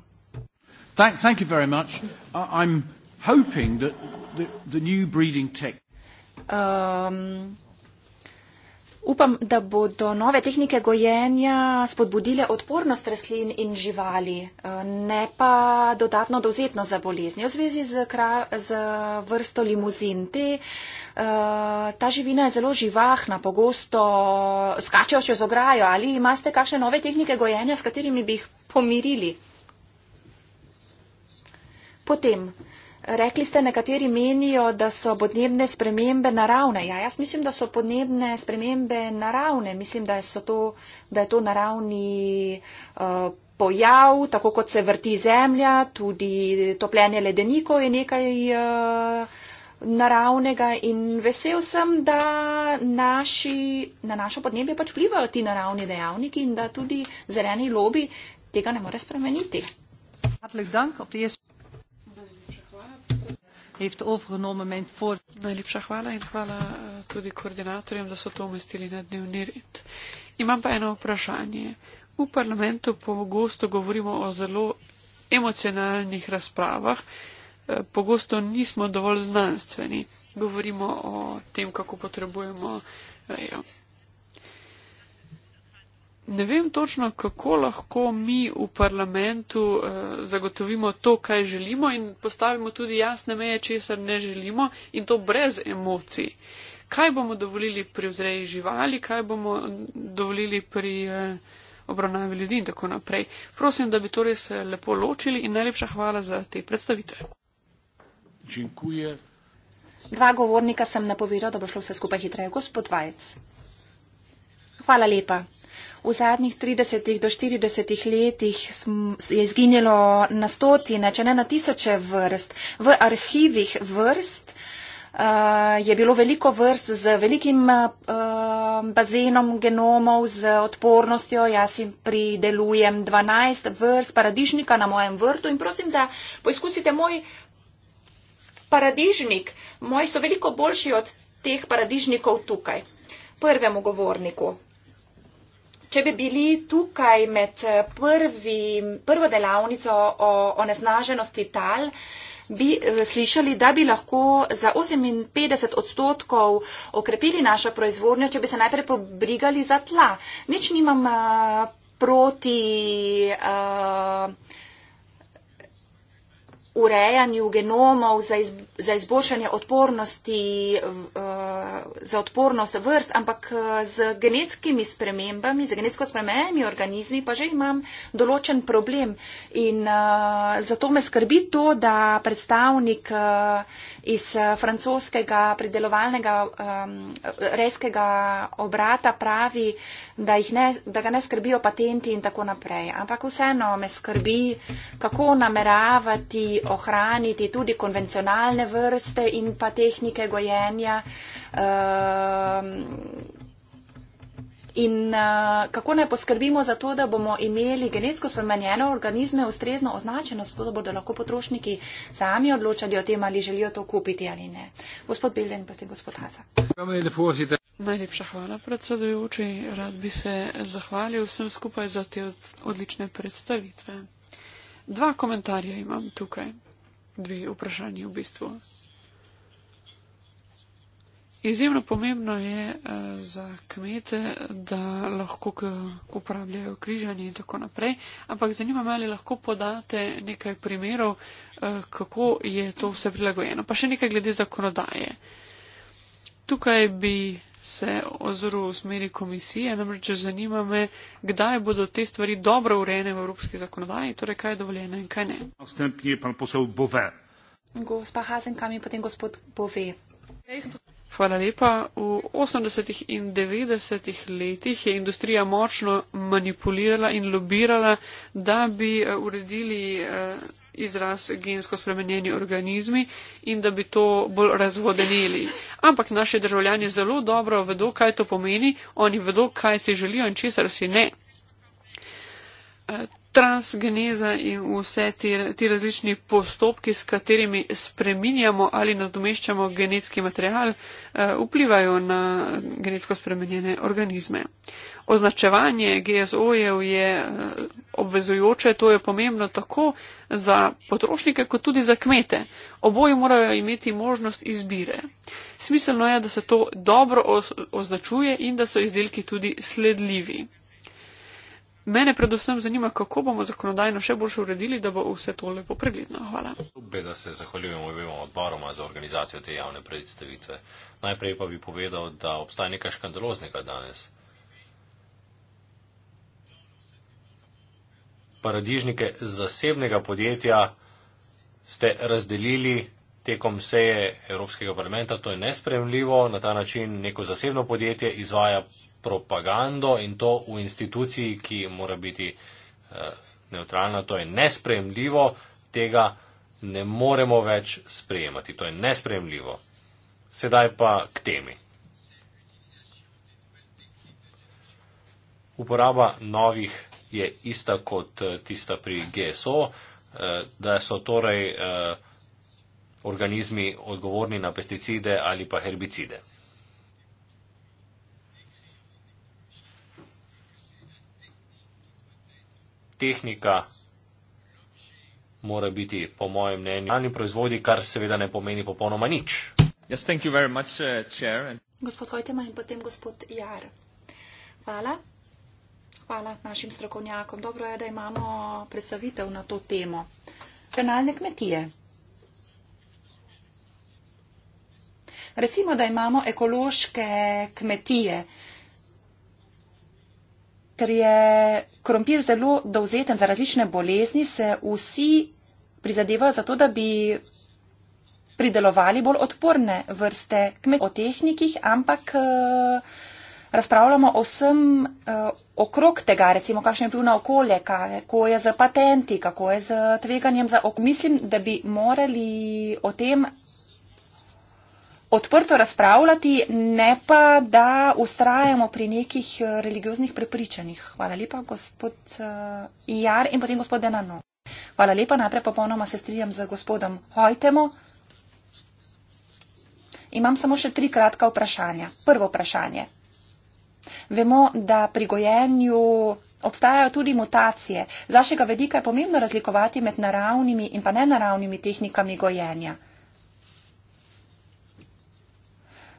Um, Upam, da bodo nove tehnike gojenja spodbudile odpornost rastlin in živali, eh, ne pa dodatno dozetno za bolezni. V zvezi z, kra, z vrsto limuzinti, eh, ta živina je zelo živahna, pogosto skače še z ograjo. Ali imate kakšne nove tehnike gojenja, s katerimi bi jih pomirili? Potem. Rekli ste, nekateri menijo, da so podnebne spremembe naravne. Ja, jaz mislim, da so podnebne spremembe naravne. Mislim, da, to, da je to naravni uh, pojav, tako kot se vrti zemlja, tudi topljenje ledenikov je nekaj. Uh, naravnega in vesel sem, da naši, na našo podnebje pač plivajo ti naravni dejavniki in da tudi zeleni lobi tega ne more spremeniti. Hvala heeft overgenomen mijn voor. Najlepša hvala in hvala eh, tudi koordinatorjem, da so to umestili na dnevni red. Imam pa eno vprašanje. V parlamentu pogosto govorimo o zelo emocionalnih razpravah, eh, pogosto nismo dovolj znanstveni. Govorimo o tem, kako potrebujemo eh, ne vem točno, kako lahko mi v parlamentu eh, zagotovimo to, kaj želimo in postavimo tudi jasne meje, česar ne želimo in to brez emocij. Kaj bomo dovolili pri vzreji živali, kaj bomo dovolili pri eh, obravnavi ljudi in tako naprej. Prosim, da bi to res eh, lepo ločili in najlepša hvala za te predstavitve. Dziękuję. Dva govornika sem napovedal, da bo šlo vse skupaj hitreje. Gospod Vajec. Hvala lepa. V zadnjih 30 do 40 letih je izginjalo na stotine, če ne na tisoče vrst. V arhivih vrst eh, je bilo veliko vrst z velikim eh, bazenom genomov, z odpornostjo. Jaz si pridelujem 12 vrst paradižnika na mojem vrtu in prosim, da poizkusite moj paradižnik. Moji so veliko boljši od teh paradižnikov tukaj. Prvemu govorniku. Če bi bili tukaj med eh, prvi, prvo delavnico o onesnaženosti tal, bi eh, slišali, da bi lahko za 58 odstotkov okrepili našo proizvodnjo, če bi se najprej pobrigali za tla. Nič nimam eh, proti. Uh, urejanju genomov za, izb za izboljšanje odpornosti, uh, za odpornost vrst, ampak eh, z genetskimi spremembami, z genetsko spremenjenimi organizmi pa že imam določen problem. In uh, zato me skrbi to, da predstavnik uh, iz francoskega predelovalnega um, reskega obrata pravi, da, ne, da ga ne skrbijo patenti in tako naprej. Ampak vseeno me skrbi, kako nameravati ohraniti tudi konvencionalne vrste in pa tehnike gojenja. Ehm, in eh, kako naj poskrbimo za to, da bomo imeli genetsko spremenjene organizme ustrezno označeno, zato da bodo lahko potrošniki sami odločali o tem, ali želijo to kupiti ali ne. Gospod Bilden, pa ste gospod Haza. Najlepša hvala, predsedujoči. Rad bi se zahvalil vsem skupaj za te odlične predstavitve. Dva komentarja imam tukaj, dve vprašanje v bistvu. Izjemno pomembno je eh, za kmete, da lahko uporabljajo križanje in tako naprej, ampak zanima me, ali lahko podate nekaj primerov, eh, kako je to vse prilagojeno. Pa še nekaj glede zakonodaje. Tukaj bi se ozru v smeri komisije, namreč zanima me, kdaj bodo te stvari dobro urejene v evropski zakonodaji, torej kaj je dovoljeno in kaj ne. Gospa Hazen, kam je potem gospod Bove? Hvala lepa. V 80. in 90. letih je industrija močno manipulirala in lobirala, da bi eh, uredili. Uh, izraz gensko spremenjeni organizmi in da bi to bolj razvodenili. Ampak naši državljani zelo dobro vedo, kaj to pomeni, oni vedo, kaj si želijo in česar si ne transgeneza in vse ti, ti različni postopki, s katerimi spreminjamo ali nadomeščamo genetski material, eh, vplivajo na genetsko spremenjene organizme. Označevanje GSO-jev je eh, obvezujoče, to je pomembno tako za potrošnike, kot tudi za kmete. Oboji morajo imeti možnost izbire. Smiselno je, da se to dobro označuje in da so izdelki tudi sledljivi. Mene predvsem zanima, kako bomo zakonodajno še boljše uredili, da bo vse to lepo pregledno. Hvala. Obe, da se zahvaljujemo obema odboroma za organizacijo te javne predstavitve. Najprej pa bi povedal, da obstaja nekaj škandaloznega danes. Paradižnike zasebnega podjetja ste razdelili tekom seje Evropskega parlamenta. To je nespremljivo. Na ta način neko zasebno podjetje izvaja propagando in to v instituciji, ki mora biti eh, neutralna. To je nespremljivo, tega ne moremo več sprejemati. To je nespremljivo. Sedaj pa k temi. Uporaba novih je ista kot eh, tista pri GSO, eh, da so torej organizmi odgovorni na pesticide ali pa herbicide. tehnika mora biti, po mojem mnenju, ani proizvodi, kar seveda ne pomeni popolnoma nič. Yes, much, uh, gospod Hojtema in potem gospod Jar. Hvala. Hvala našim strokovnjakom. Dobro je, da imamo predstavitev na to temo. Penalne kmetije. Recimo, da imamo ekološke kmetije ker je krompir zelo dovzeten za različne bolezni, se vsi prizadevajo za to, da bi pridelovali bolj odporne vrste kmetov. O tehnikih, ampak eh, razpravljamo o vsem eh, okrog tega, recimo kakšen je bil na okolje, kako je z patenti, kako je z tveganjem za okolje. Mislim, da bi morali o tem odprto razpravljati, ne pa da ustrajamo pri nekih eh, religioznih prepričanjih. Hvala lepa, gospod eh, Jar in potem gospod Denano. Hvala lepa, najprej popolnoma se strijam z gospodom Hojtemo. Imam samo še tri kratka vprašanja. Prvo vprašanje. Vemo, da pri gojenju obstajajo tudi mutacije. Z našega vedika je pomembno razlikovati med naravnimi in pa nenaravnimi tehnikami gojenja.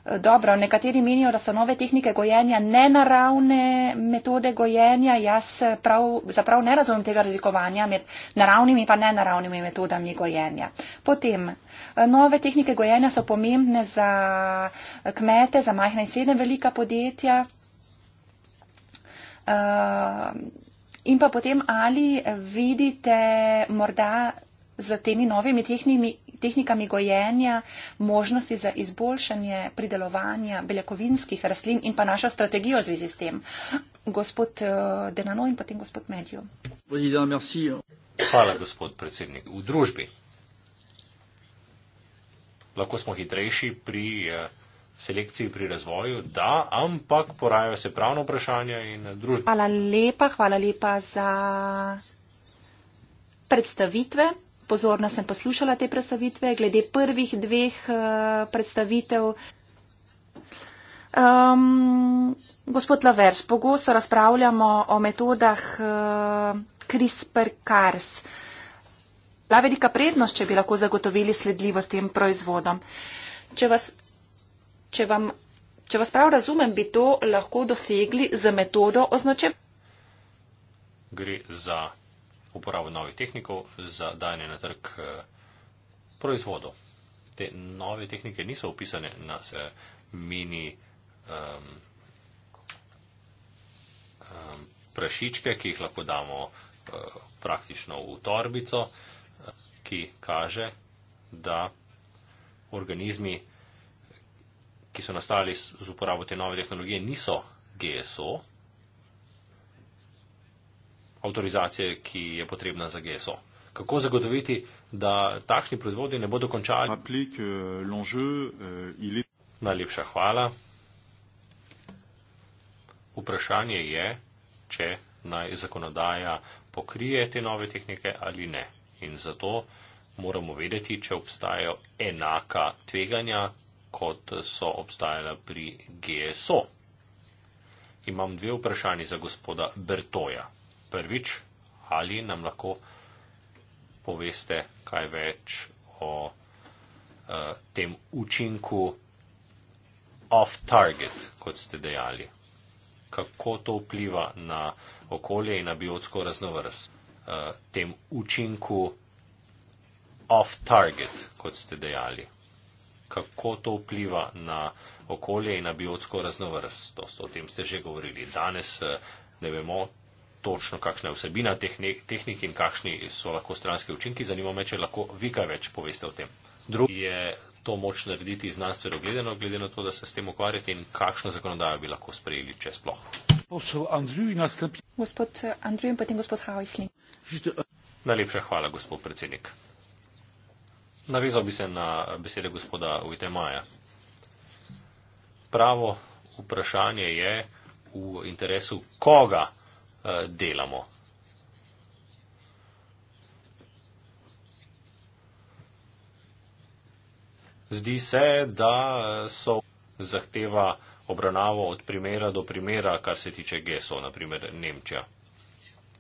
Eh, dobro, nekateri menijo, da so nove tehnike gojenja nenaravne metode gojenja. Jaz eh, prav, zaprav ne razumem tega razlikovanja med naravnimi in nenaravnimi metodami gojenja. Potem, eh, nove tehnike gojenja so pomembne za kmete, za majhna in sedem velika podjetja. Uh, in pa potem, ali vidite morda z temi novimi tehnimi, tehnikami gojenja, možnosti za izboljšanje pridelovanja beljakovinskih rastlin in pa našo strategijo v zvezi s tem. Gospod eh, Denano in potem gospod Medju. Hvala, gospod predsednik. V družbi lahko smo hitrejši pri eh, selekciji, pri razvoju, da, ampak porajajo se pravno vprašanje in eh, družba. Hvala lepa, hvala lepa za predstavitve pozorno sem poslušala te predstavitve, glede prvih dveh eh, predstavitev. Um, gospod Laverš, pogosto razpravljamo o metodah uh, eh, CRISPR-CARS. Bila velika prednost, če bi lahko zagotovili sledljivost tem proizvodom. Če vas, če, vam, če vas prav razumem, bi to lahko dosegli z metodo označevanja. Gre za uporabo novih tehnikov za dajanje na trg eh, proizvodov. Te nove tehnike niso upisane na se eh, mini um, um, prašičke, ki jih lahko damo uh, praktično v torbico, ki kaže, da organizmi, ki so nastali z uporabo te nove tehnologije, niso GSO, avtorizacije, ki je potrebna za GSO. Kako zagotoviti, da takšni proizvodi ne bodo končali? Eh, eh, Najlepša hvala. Vprašanje je, če naj zakonodaja pokrije te nove tehnike ali ne. In zato moramo vedeti, če obstajajo enaka tveganja, kot so obstajala pri GSO. Imam dve vprašanje za gospoda Bertoja prvič, ali nam lahko poveste kaj več o uh, tem učinku off-target, kot ste dejali. Kako to vpliva na okolje in na biotsko raznovrst? Uh, tem učinku off-target, kot ste dejali. Kako to vpliva na okolje in na biotsko raznovrstnost? O tem ste že govorili. Danes eh, ne vemo točno, kakšna je vsebina teh tehnik in kakšni so lahko stranski učinki. Zanima me, če lahko vi kaj več poveste o tem. Drugi je to moč narediti znanstveno gledano, glede na to, da se s tem ukvarjate in kakšno zakonodajo bi lahko sprejeli, če sploh. Gospod eh, Andrej in potem gospod Havisli. Eh. Najlepša hvala, gospod predsednik. Navezal bi se na besede gospoda Ujtemaja. Pravo vprašanje je v interesu koga. Eh, delamo. Zdi se, da eh, so zahteva obravnavo od primera do primera, kar se tiče GESO, naprimer Nemčija.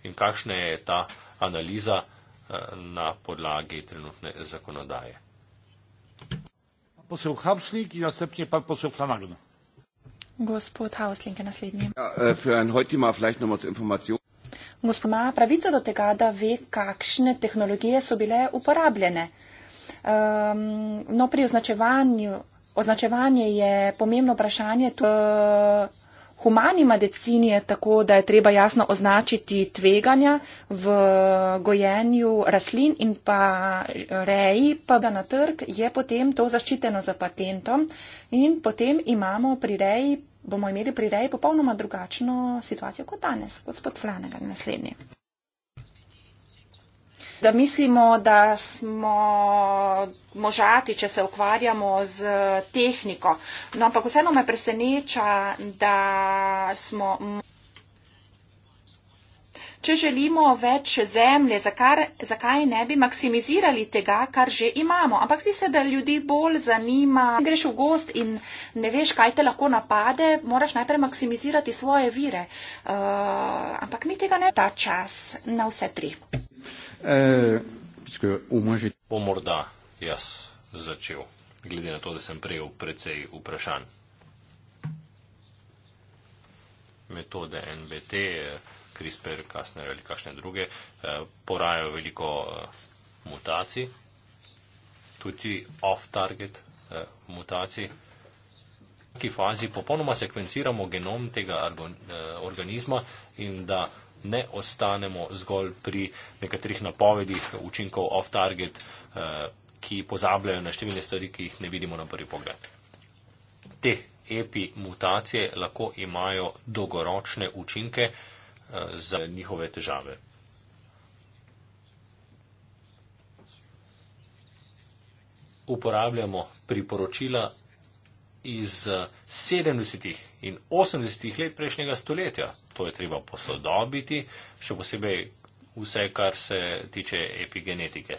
In kakšna je ta analiza eh, na podlagi trenutne zakonodaje? Poslov Habsnik in nastopnje pa poslov Flanagna. Gospod Hausling je naslednji. Ja, eh, Gospod ima pravico do tega, da ve, kakšne tehnologije so bile uporabljene. Um, no, pri označevanju označevanje je pomembno vprašanje, tudi, eh, humani medicini je tako, da je treba jasno označiti tveganja v gojenju rastlin in pa eh, reji, pa ga na trg je potem to zaščiteno za patentom in potem imamo pri reji, bomo imeli pri reji popolnoma drugačno situacijo kot danes, kot spod flanega naslednje da mislimo, da smo možati, če se ukvarjamo z tehniko. No, ampak vseeno me preseneča, da smo. Če želimo več zemlje, zakar, zakaj ne bi maksimizirali tega, kar že imamo? Ampak zdi se, da ljudi bolj zanima, greš v gost in ne veš, kaj te lahko napade, moraš najprej maksimizirati svoje vire. Uh, ampak mi tega ne ta čas na vse tri. Eh, puisque au moins j'ai. Bon, morda, yes, začel, glede na to, da sem prejel precej vprašanj. Metode NBT, CRISPR, kasneje ali kakšne druge, eh, porajajo veliko eh, mutacij, tudi off-target mutacij. V neki fazi popolnoma sekvenciramo genom tega organizma in da ne ostanemo zgolj pri nekaterih napovedih učinkov off-target, eh, ki pozabljajo na številne stvari, ki jih ne vidimo na prvi pogled. Te epi mutacije lahko imajo dolgoročne učinke eh, za njihove težave. Uporabljamo priporočila iz 70. Eh, in 80. let prejšnjega stoletja. To je treba posodobiti, še posebej vse, kar se tiče epigenetike.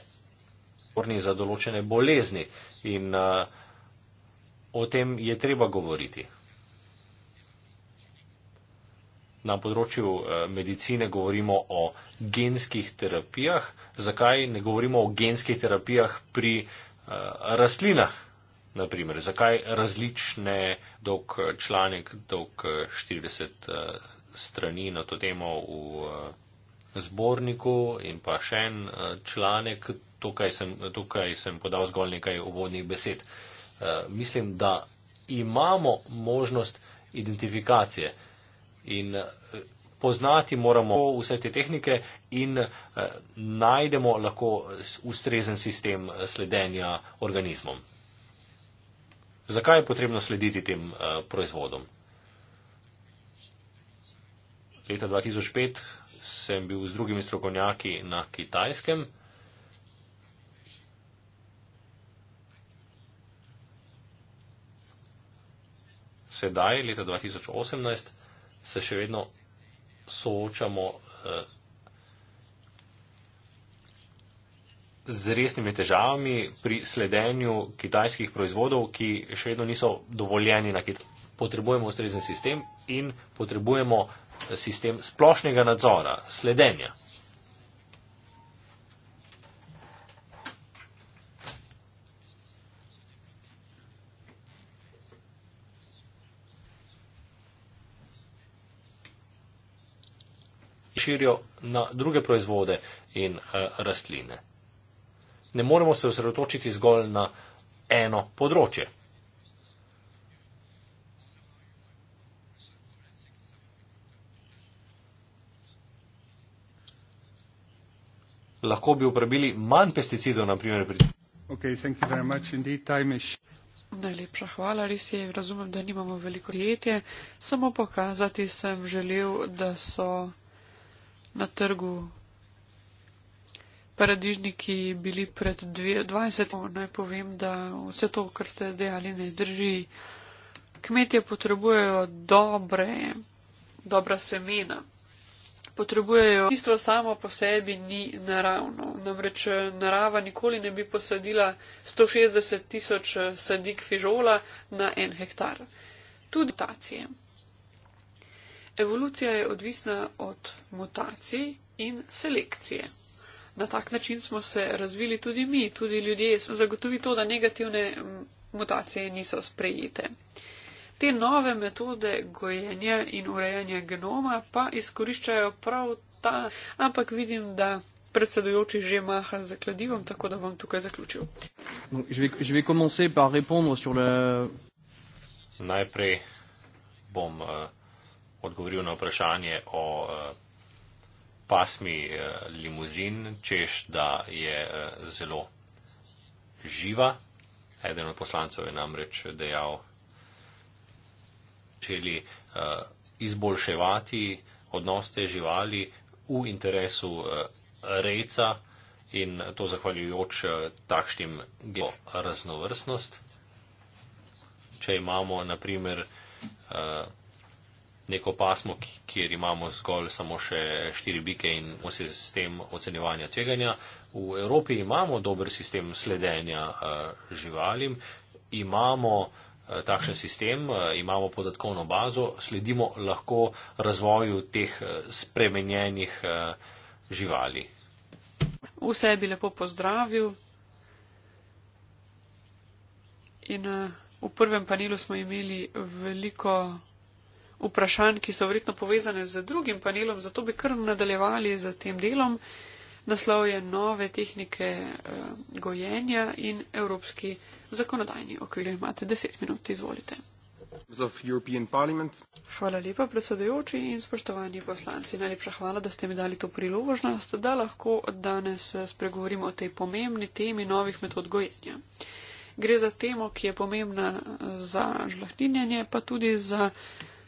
Orni za določene bolezni in uh, o tem je treba govoriti. Na področju eh, medicine govorimo o genskih terapijah. Zakaj ne govorimo o genskih terapijah pri uh, rastlinah? Naprimer, zakaj različne dolg članek, dolg 40 eh, eh, strani na to temo v eh, zborniku in pa še en članek, tukaj sem, tukaj sem podal zgolj nekaj uvodnih besed. Mislim, da imamo možnost identifikacije in poznati moramo vse te tehnike in najdemo lahko ustrezen sistem sledenja organizmom zakaj je potrebno slediti tem eh, proizvodom. Leta 2005 sem bil z drugimi strokovnjaki na kitajskem. Sedaj, leta 2018, se še vedno soočamo eh, z resnimi težavami pri sledenju kitajskih proizvodov, ki še vedno niso dovoljeni na kit. Potrebujemo ustrezen sistem in potrebujemo sistem splošnega nadzora, sledenja. Širijo na druge proizvode in uh, rastline ne moremo se osredotočiti zgolj na eno področje. Lahko bi uporabili manj pesticidov, naprimer. Pri... Okay, Najlepša hvala, res je, razumem, da nimamo veliko dietje, samo pokazati sem želel, da so na trgu paradižniki bili pred 20. Naj povem, da vse to, kar ste dejali, ne drži. Kmetje potrebujejo dobre, dobra semena. Potrebujejo tisto samo po sebi ni naravno. Namreč narava nikoli ne bi posadila 160 tisoč sadik fižola na en hektar. Tudi mutacije. Evolucija je odvisna od mutacij in selekcije na tak način smo se razvili tudi mi, tudi ljudje, zagotovi to, da negativne mutacije niso sprejete. Te nove metode gojenja in urejanja genoma pa izkoriščajo prav ta, ampak vidim, da predsedujoči že maha z kladivom, tako da bom tukaj zaključil. Najprej bom uh, odgovoril na vprašanje o uh, pasmi eh, limuzin, češ, da je eh, zelo živa. Eden od poslancev je namreč dejal, da želi eh, izboljševati odnos te živali v interesu reca in to zahvaljujoč takšnim georaznovrstnost. Če imamo, naprimer, neko pasmo, kjer imamo zgolj samo še štiri bike in vse s tem ocenjevanja tveganja. V Evropi imamo dober sistem sledenja eh, živalim, imamo eh, takšen sistem, eh, imamo podatkovno bazo, sledimo lahko razvoju teh spremenjenih živali. Vse bi lepo pozdravil. In uh, v prvem panelu smo imeli veliko vprašanj, ki so verjetno povezane z drugim panelom, zato bi kar nadaljevali z tem delom. Naslov je nove tehnike eh, gojenja in evropski zakonodajni okvir. Imate deset minut, izvolite. Hvala lepa, predsedujoči in spoštovani poslanci. Najlepša hvala, da ste mi dali to priložnost, da lahko danes eh, spregovorimo o tej pomembni temi novih metod gojenja. Gre za temo, ki je pomembna eh, za žlahninjanje, pa tudi za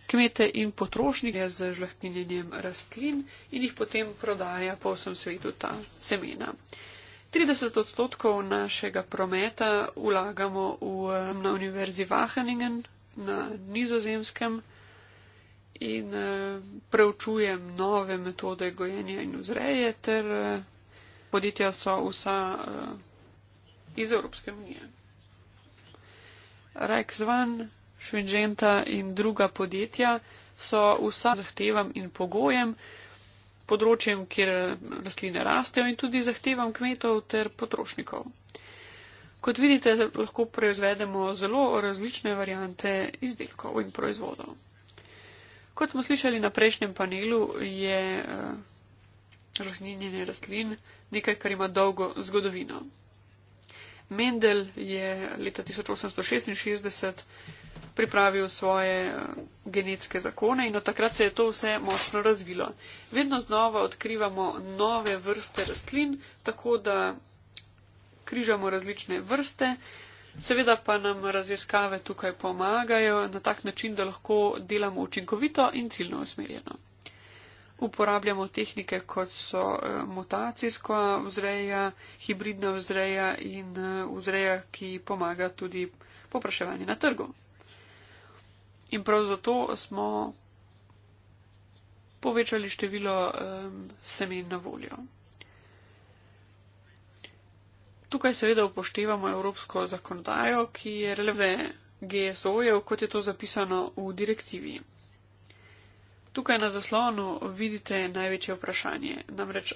kmete in potrošnike z žlahtinjenjem rastlin in jih potem prodaja po vsem svetu ta semena. 30 odstotkov našega prometa vlagamo v, na univerzi Wageningen na nizozemskem in preučujem nove metode gojenja in vzreje, ter podjetja so vsa iz Evropske unije. Rajk zvan, Švenženta in druga podjetja so vsa zahtevam in pogojem, področjem, kjer rastline rastejo in tudi zahtevam kmetov ter potrošnikov. Kot vidite, lahko proizvedemo zelo različne variante izdelkov in proizvodov. Kot smo slišali na prejšnjem panelu, je uh, eh, žlahninjenje rastlin nekaj, kar ima dolgo zgodovino. Mendel je leta 1866 pripravil svoje eh, genetske zakone in od takrat se je to vse močno razvilo. Vedno znova odkrivamo nove vrste rastlin, tako da križamo različne vrste. Seveda pa nam raziskave tukaj pomagajo na tak način, da lahko delamo učinkovito in ciljno usmerjeno. Uporabljamo tehnike, kot so eh, mutacijska vzreja, hibridna vzreja in eh, vzreja, ki pomaga tudi popraševanje na trgu. In prav zato smo povečali število um, semen na voljo. Tukaj seveda upoštevamo evropsko zakonodajo, ki je releve GSO-jev, kot je to zapisano v direktivi. Tukaj na zaslonu vidite največje vprašanje, namreč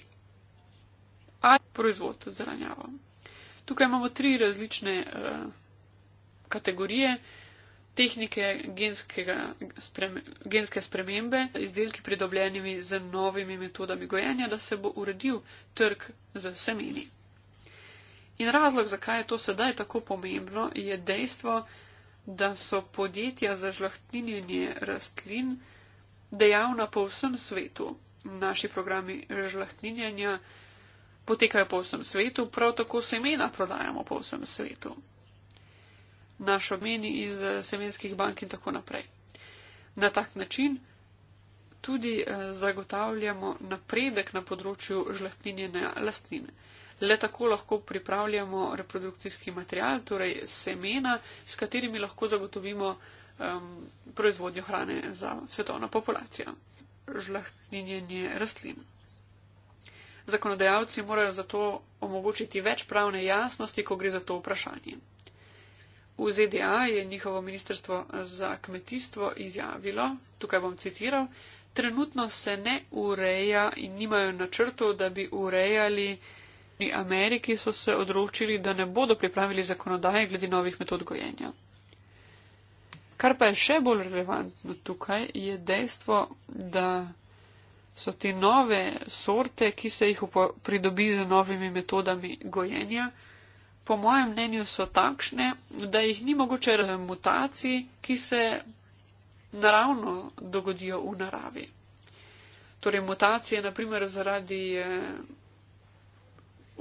ali proizvod zelenjavo. Tukaj imamo tri različne uh, kategorije, uh, tehnike spreme, genske spremembe, izdelki pridobljenimi z novimi metodami gojenja, da se bo uredil trg z semeni. In razlog, zakaj je to sedaj tako pomembno, je dejstvo, da so podjetja za žlahtninjenje rastlin dejavna po vsem svetu. Naši programi žlahtninjenja potekajo po vsem svetu, prav tako semena prodajamo po vsem svetu našo meni iz eh, semenskih bank in tako naprej. Na tak način tudi eh, zagotavljamo napredek na področju žlahtninjene lastnine. Le tako lahko pripravljamo reprodukcijski material, torej semena, s katerimi lahko zagotovimo um, proizvodnjo hrane za svetovno populacijo. Žlahtninjenje rastlin. Zakonodajalci morajo zato omogočiti več pravne jasnosti, ko gre za to vprašanje. V ZDA je njihovo ministrstvo za kmetijstvo izjavilo, tukaj bom citiral, trenutno se ne ureja in nimajo načrtu, da bi urejali. Pri Ameriki so se odročili, da ne bodo pripravili zakonodaje glede novih metod gojenja. Kar pa je še bolj relevantno tukaj, je dejstvo, da so te nove sorte, ki se jih pridobi z novimi metodami gojenja, po mojem mnenju, so takšne, da jih ni mogoče razumeti mutacij, ki se naravno dogodijo v naravi. Torej, mutacije, naprimer, zaradi eh,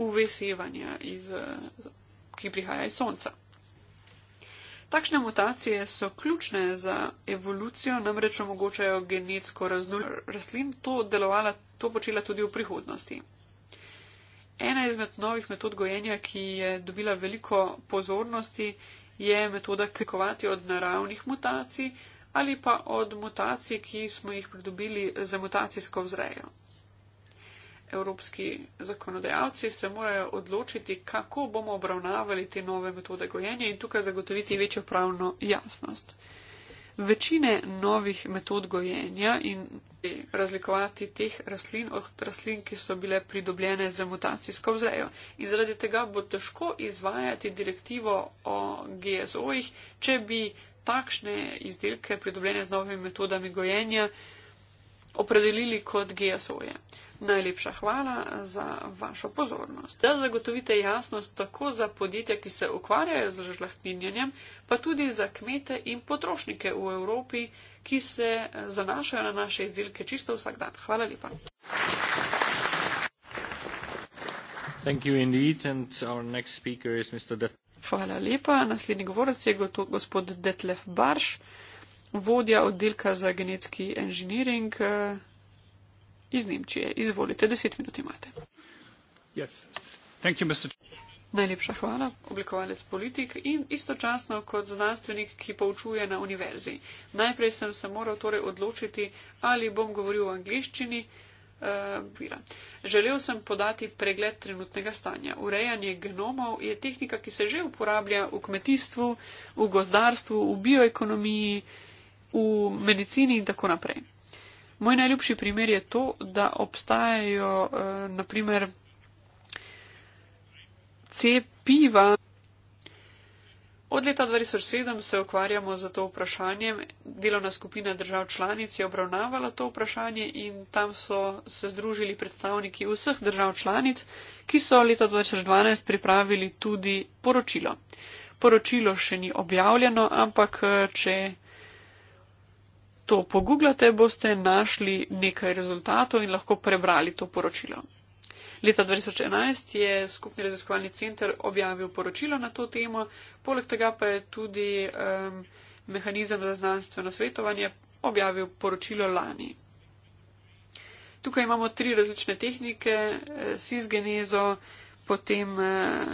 uvesevanja, iz, eh, ki prihaja iz Sonca. Takšne mutacije so ključne za evolucijo, namreč omogočajo genetsko raznolikost rastlin, to delovala, to počela tudi v prihodnosti. Ena izmed novih metod gojenja, ki je dobila veliko pozornosti, je metoda krikovati od naravnih mutacij ali pa od mutacij, ki smo jih pridobili za mutacijsko vzrejo. Evropski zakonodajalci se morajo odločiti, kako bomo obravnavali te nove metode gojenja in tukaj zagotoviti večjo pravno jasnost večine novih metod gojenja in razlikovati teh rastlin od rastlin, ki so bile pridobljene za mutacijsko vzrejo. In zaradi tega bo težko izvajati direktivo o GSO-jih, če bi takšne izdelke pridobljene z novimi metodami gojenja opredelili kot GSO-je. Najlepša hvala za vašo pozornost. Da zagotovite jasnost tako za podjetja, ki se ukvarjajo z žlahtninjenjem, pa tudi za kmete in potrošnike v Evropi, ki se zanašajo na naše izdelke čisto vsak dan. Hvala lepa. Hvala lepa. Naslednji govorec je gospod Detlef Barš, vodja oddelka za genetski inženiring eh, iz Nemčije. Izvolite, deset minut imate. Yes. Najlepša hvala, oblikovalec politik in istočasno kot znanstvenik, ki poučuje na univerzi. Najprej sem se moral torej odločiti, ali bom govoril v angliščini. Uh, Želel sem podati pregled trenutnega stanja. Urejanje genomov je tehnika, ki se že uporablja v kmetijstvu, v gozdarstvu, v bioekonomiji, v medicini in tako naprej. Moj najljubši primer je to, da obstajajo uh, eh, naprimer cepiva. Od leta 2007 se ukvarjamo z to vprašanjem. Delovna skupina držav članic je obravnavala to vprašanje in tam so se združili predstavniki vseh držav članic, ki so leta 2012 pripravili tudi poročilo. Poročilo še ni objavljeno, ampak eh, če to pogooglate, boste našli nekaj rezultatov in lahko prebrali to poročilo. Leta 2011 je skupni raziskovalni center objavil poročilo na to temo, poleg tega pa je tudi um, mehanizem za znanstveno svetovanje objavil poročilo lani. Tukaj imamo tri različne tehnike, eh, sisgenezo, potem eh,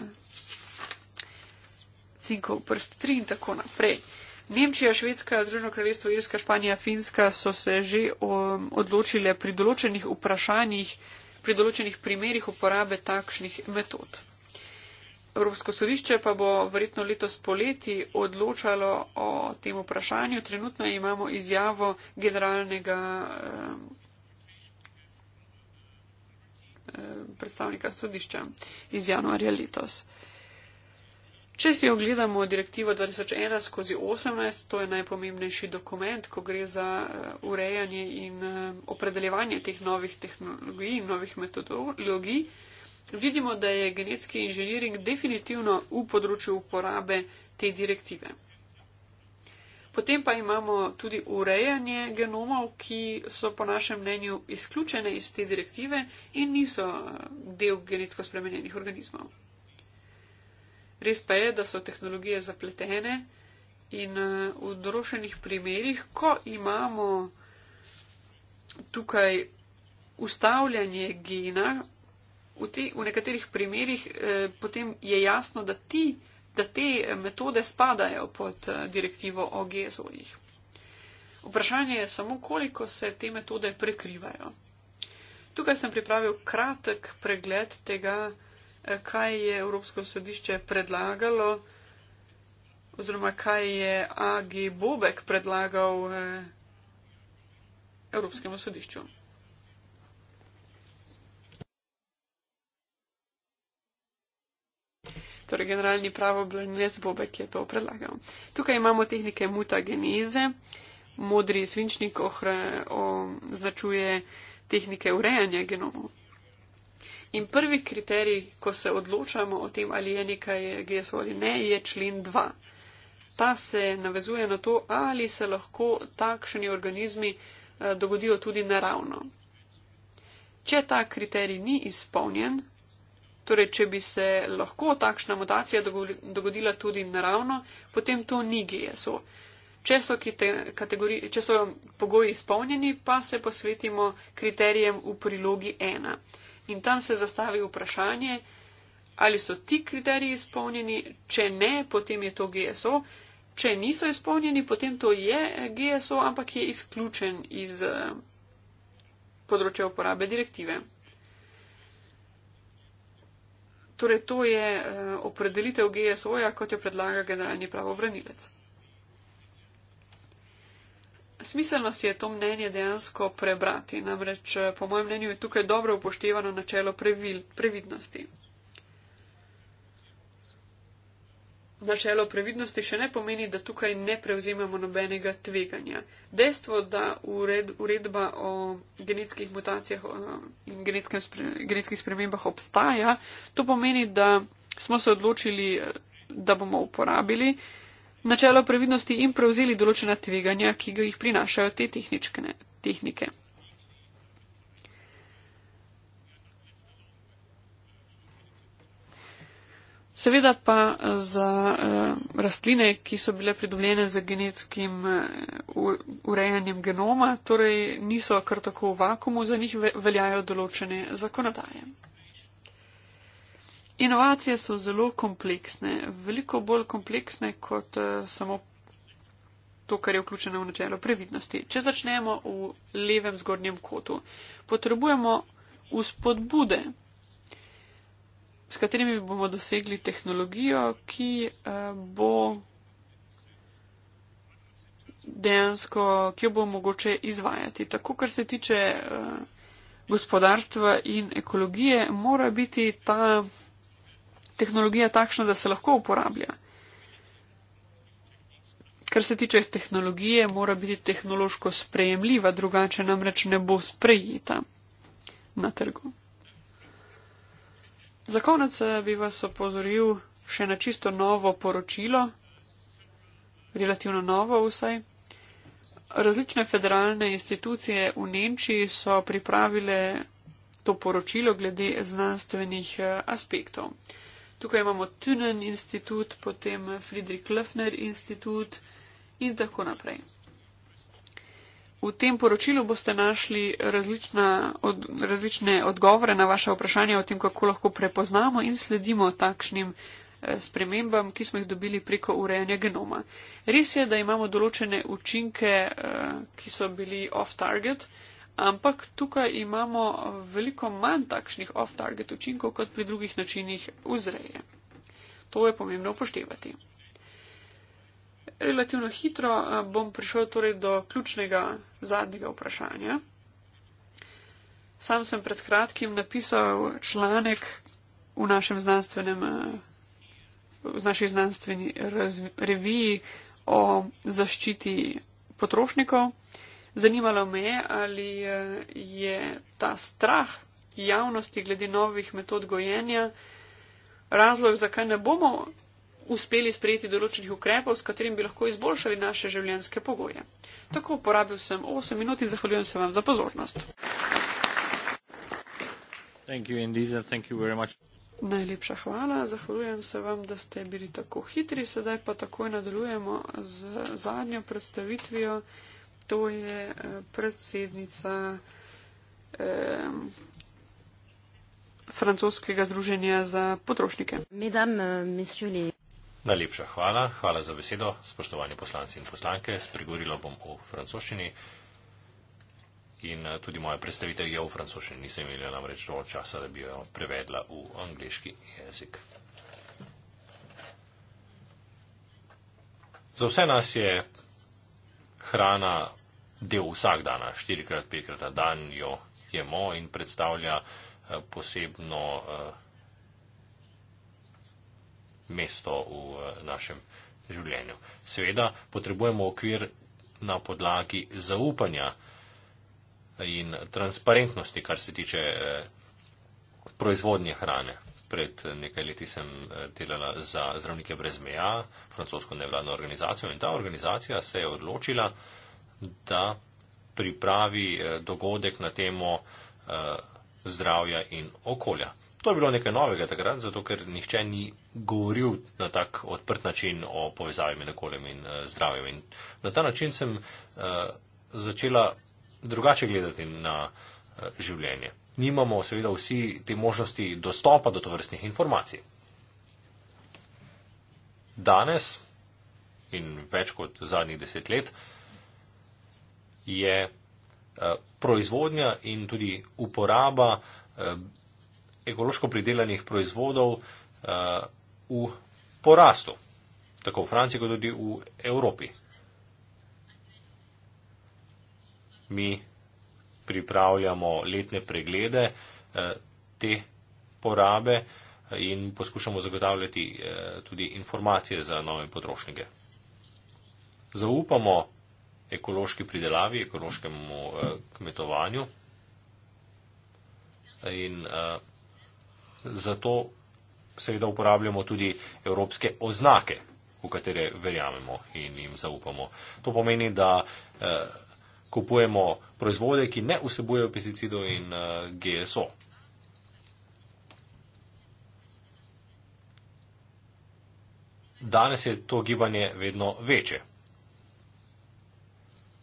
cinkov prst tri in tako naprej. Eh, Nemčija, Švedska, Združeno kraljestvo, Irska, Španija, Finska so se že um, odločile pri določenih vprašanjih, pri določenih primerjih uporabe takšnih metod. Evropsko sodišče pa bo verjetno letos poleti odločalo o tem vprašanju. Trenutno imamo izjavo generalnega eh, predstavnika sodišča iz januarja letos. Eh, Če si ogledamo direktivo 2001 skozi 18, to je najpomembnejši dokument, ko gre za eh, urejanje in eh, opredeljevanje teh novih tehnologij in novih metodologij, vidimo, da je genetski inženiring definitivno v področju uporabe te direktive. Potem pa imamo tudi urejanje genomov, ki so po našem mnenju izključene iz te direktive in niso eh, del genetsko spremenjenih organizmov. Res pa je, da so tehnologije zapletene in eh, v določenih primerjih, ko imamo tukaj ustavljanje gena, v, te, v nekaterih primerjih eh, potem je jasno, da, ti, da te metode spadajo pod eh, direktivo o gezojih. Vprašanje je samo, koliko se te metode prekrivajo. Tukaj sem pripravil kratek pregled tega, kaj je Evropsko sodišče predlagalo oziroma kaj je Agi Bobek predlagal eh, Evropskemu sodišču. Torej, generalni pravobranilec Bobek je to predlagal. Tukaj imamo tehnike mutageneze. Modri svinčnik označuje tehnike urejanja genomov. In prvi kriterij, ko se odločamo o tem, ali je nekaj GSO ali ne, je člen 2. Ta se navezuje na to, ali se lahko takšni organizmi eh, dogodijo tudi naravno. Če ta kriterij ni izpolnjen, torej če bi se lahko takšna mutacija dogodila tudi naravno, potem to ni GSO. Če so, kategori, če so pogoji izpolnjeni, pa se posvetimo kriterijem v prilogi 1 in tam se zastavi vprašanje, ali so ti kriteriji izpolnjeni, če ne, potem je to GSO, če niso izpolnjeni, potem to je GSO, ampak je izključen iz eh, področja uporabe direktive. Torej, to je eh, opredelitev GSO-ja, kot jo predlaga generalni pravobranilec smiselno si je to mnenje dejansko prebrati, namreč eh, po mojem mnenju je tukaj dobro upoštevano načelo previl, previdnosti. Načelo previdnosti še ne pomeni, da tukaj ne prevzemamo nobenega tveganja. Dejstvo, da ured, uredba o genetskih mutacijah in genetskih, spre, genetskih spremembah obstaja, to pomeni, da smo se odločili, eh, da bomo uporabili uh, načelo previdnosti in prevzeli določena tveganja, ki ga jih prinašajo te tehnične tehnike. Seveda pa eh, za uh, rastline, ki so bile pridobljene z genetskim uh, urejanjem genoma, torej niso kar tako v vakumu, za njih veljajo določene zakonodaje. Inovacije so zelo kompleksne, veliko bolj kompleksne kot uh, samo to, kar je vključeno v načelo previdnosti. Če začnemo v levem zgornjem kotu, potrebujemo vzpodbude, s katerimi bomo dosegli tehnologijo, ki uh, bo dejansko, ki jo bo mogoče izvajati. Tako, kar se tiče uh, gospodarstva in ekologije, mora biti ta tehnologija takšna, da se lahko uporablja. Kar se tiče tehnologije, mora biti tehnološko sprejemljiva, drugače namreč ne bo sprejeta na trgu. Za konec eh, bi vas opozoril še na čisto novo poročilo, relativno novo vsaj. Različne federalne institucije v Nemčiji so pripravile to poročilo glede znanstvenih eh, aspektov. Tukaj imamo Tünen institut, potem Friedrich Löfner institut in tako naprej. V tem poročilu boste našli različna, od, različne odgovore na vaše vprašanje o tem, kako lahko prepoznamo in sledimo takšnim eh, spremembam, ki smo jih dobili preko urejanja genoma. Res je, da imamo določene učinke, eh, ki so bili off-target, Ampak tukaj imamo veliko manj takšnih off-target učinkov kot pri drugih načinih vzreje. To je pomembno upoštevati. Relativno hitro eh, bom prišel torej do ključnega zadnjega vprašanja. Sam sem pred kratkim napisal članek v, eh, v naši znanstveni razvi, reviji o zaščiti potrošnikov. Zanimalo me je, ali eh, je ta strah javnosti glede novih metod gojenja razlog, zakaj ne bomo uspeli sprejeti določenih ukrepov, s katerim bi lahko izboljšali naše življenjske pogoje. Tako uporabil sem 8 minut in zahvaljujem se vam za pozornost. Najlepša hvala, zahvaljujem se vam, da ste bili tako hitri. Sedaj pa takoj nadaljujemo z zadnjo predstavitvijo to je eh, predsednica eh, francoskega združenja za potrošnike. Medam, eh, Najlepša hvala, hvala za besedo, spoštovani poslanci in poslanke. Spregovorila bom v francoščini in eh, tudi moja predstavitev je v francoščini. Nisem imela namreč dovolj časa, da bi jo prevedla v angliški jezik. Za vse nas je hrana del vsak dan, štirikrat, petkrat na dan jo jemo in predstavlja eh, posebno eh, mesto v eh, našem življenju. Seveda potrebujemo okvir na podlagi zaupanja in transparentnosti, kar se tiče proizvodnje hrane. Pred nekaj leti sem eh, delala za zdravnike brez meja, francosko nevladno organizacijo in ta organizacija se je odločila, da pripravi eh, dogodek na temo eh, zdravja in okolja. To je bilo nekaj novega takrat, zato ker nihče ni govoril na tak odprt način o povezavi med okoljem in zdravjem. In na ta način sem začela drugače gledati na življenje nimamo seveda vsi te možnosti dostopa do tovrstnih informacij. Danes in več kot zadnjih deset let je eh, proizvodnja in tudi uporaba eh, ekološko pridelanih proizvodov eh, v porastu, tako v Franciji kot tudi v Evropi. Mi pripravljamo letne preglede eh, te porabe eh, in poskušamo zagotavljati eh, tudi informacije za nove potrošnike. Zaupamo ekološki pridelavi, ekološkemu kmetovanju in zato seveda uporabljamo tudi evropske oznake, v katere verjamemo in jim zaupamo. To pomeni, da kupujemo proizvode, ki ne vsebujejo pesticidov in uh, eh, GSO. Danes je to gibanje vedno večje.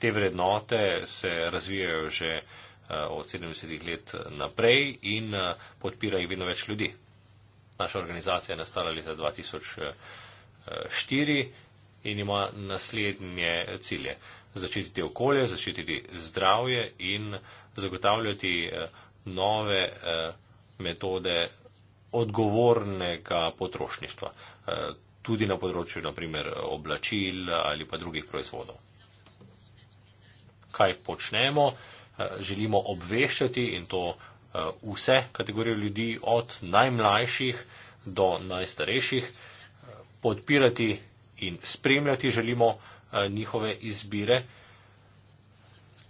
Te vrednote se razvijajo že uh, od 70-ih let eh, naprej in uh, podpirajo vedno več ljudi. Naša organizacija je nastala leta 2004 in ima naslednje cilje. Uh, zaščititi okolje, zaščititi zdravje in zagotavljati eh, nove eh, metode odgovornega potrošništva, eh, tudi na področju naprimer oblačil ali pa drugih proizvodov. Kaj počnemo? Želimo obveščati in to vse kategorije ljudi, od najmlajših do najstarejših, podpirati in spremljati želimo, Eh, njihove izbire,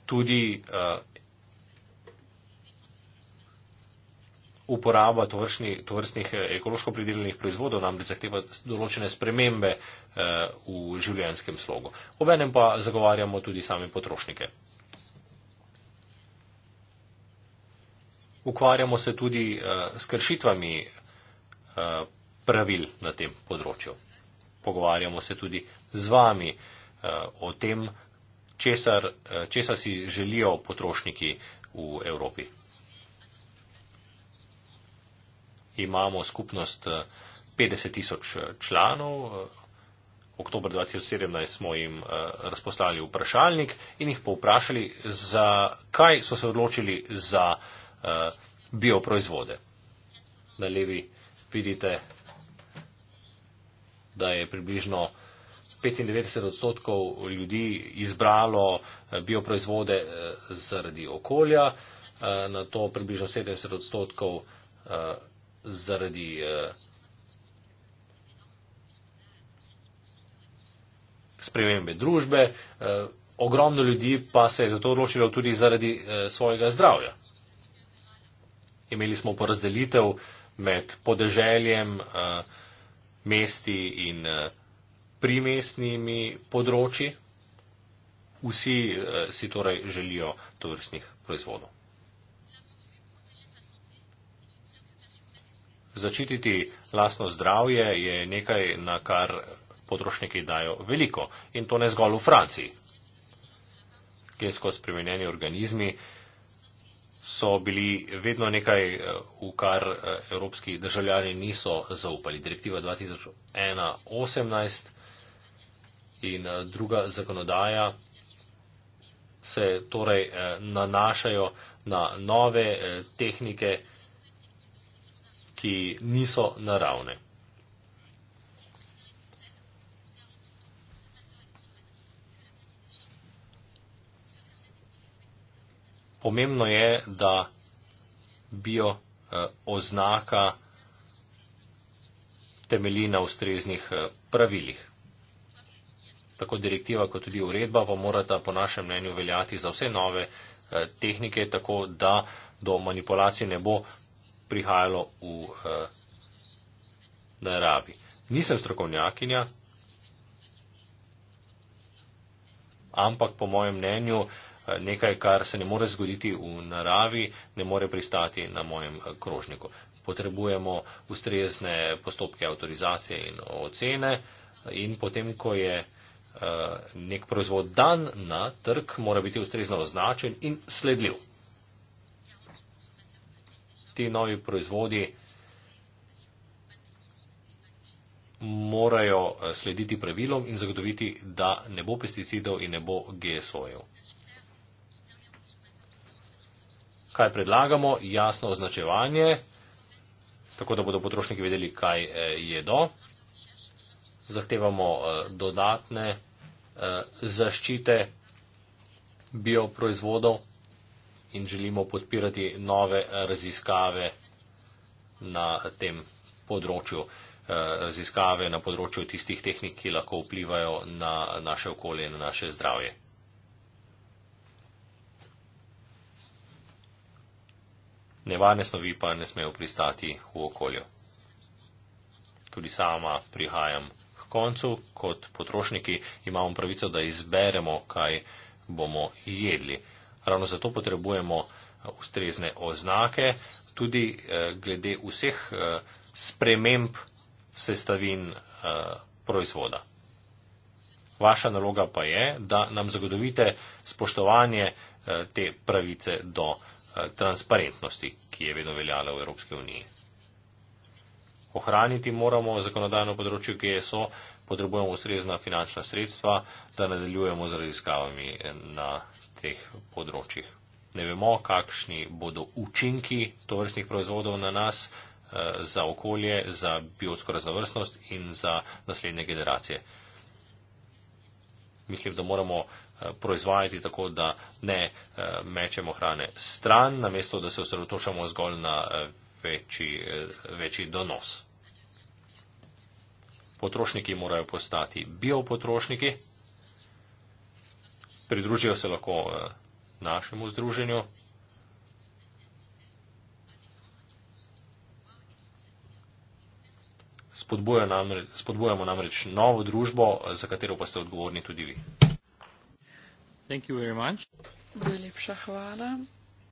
tudi eh, uporaba tovršni, tovrstnih eh, ekološko pridelanih proizvodov namreč zahteva določene spremembe v življenjskem slogu. Obenem pa zagovarjamo tudi same potrošnike. Ukvarjamo se tudi s kršitvami pravil na tem področju. Pogovarjamo se tudi z vami. Eh, o tem, česar, eh, česar si želijo potrošniki v Evropi. Imamo skupnost 50 eh, tisoč članov, oktober 2017 smo jim razposlali vprašalnik in jih povprašali, zakaj so se odločili za bioproizvode. Na levi vidite, da je približno 95 odstotkov ljudi izbralo eh, bioproizvode eh, zaradi okolja, eh, na to približno 70 odstotkov zaradi spremembe družbe, ogromno ljudi pa se je zato odločilo tudi zaradi svojega zdravja. Imeli smo porazdelitev med podeželjem, mesti in primestnimi področji, vsi eh, si torej želijo to vrstnih proizvodov. Začititi lasno zdravje je nekaj, na kar potrošniki dajo veliko in to ne zgolj v Franciji. Gensko spremenjeni organizmi so bili vedno nekaj, eh, v kar eh, evropski državljani niso zaupali. Direktiva 2018 in eh, druga zakonodaja se torej eh, nanašajo na nove eh, tehnike, ki niso naravne. Pomembno je, da bio oznaka temelji na ustreznih pravilih tako direktiva kot tudi uredba pa morata po našem mnenju veljati za vse nove eh, tehnike, tako da do manipulacije ne bo prihajalo v eh, naravi. Nisem strokovnjakinja, ampak po mojem mnenju eh, nekaj, kar se ne more zgoditi v naravi, ne more pristati na mojem eh, krožniku. Potrebujemo ustrezne postopke avtorizacije in ocene in potem, ko je Eh, nek proizvod dan na trg, mora biti ustrezno označen in sledljiv. Ti novi proizvodi morajo eh, slediti pravilom in zagotoviti, da ne bo pesticidov in ne bo GSO-jev. Kaj predlagamo? Jasno označevanje, tako da bodo potrošniki vedeli, kaj eh, jedo zahtevamo uh, dodatne uh, zaščite bioproizvodov in želimo podpirati nove raziskave na tem področju. Eh, raziskave na področju tistih tehnik, ki lahko vplivajo na naše okolje in na naše zdravje. Nevarne snovi pa ne smejo pristati v okolju. Tudi sama prihajam koncu, kot potrošniki, imamo pravico, da izberemo, kaj bomo jedli. Ravno zato potrebujemo ustrezne oznake, tudi eh, glede vseh eh, sprememb sestavin eh, proizvoda. Vaša naloga pa je, da nam zagotovite spoštovanje te pravice do transparentnosti, ki je vedno veljala v Evropski uniji ohraniti moramo zakonodajno področje GSO, potrebujemo ustrezna finančna sredstva, da nadaljujemo z raziskavami na teh področjih. Ne vemo, kakšni bodo učinki tovrstnih proizvodov na nas, eh, za okolje, za biotsko raznovrstnost in za naslednje generacije. Mislim, da moramo eh, proizvajati tako, da ne eh, mečemo hrane stran, namesto da se osredotočamo zgolj na večji, večji donos. Potrošniki morajo postati biopotrošniki, pridružijo se lahko eh, našemu združenju. Spodbuja namreč, spodbujamo namreč novo družbo, za katero pa ste odgovorni tudi vi. Najlepša hvala.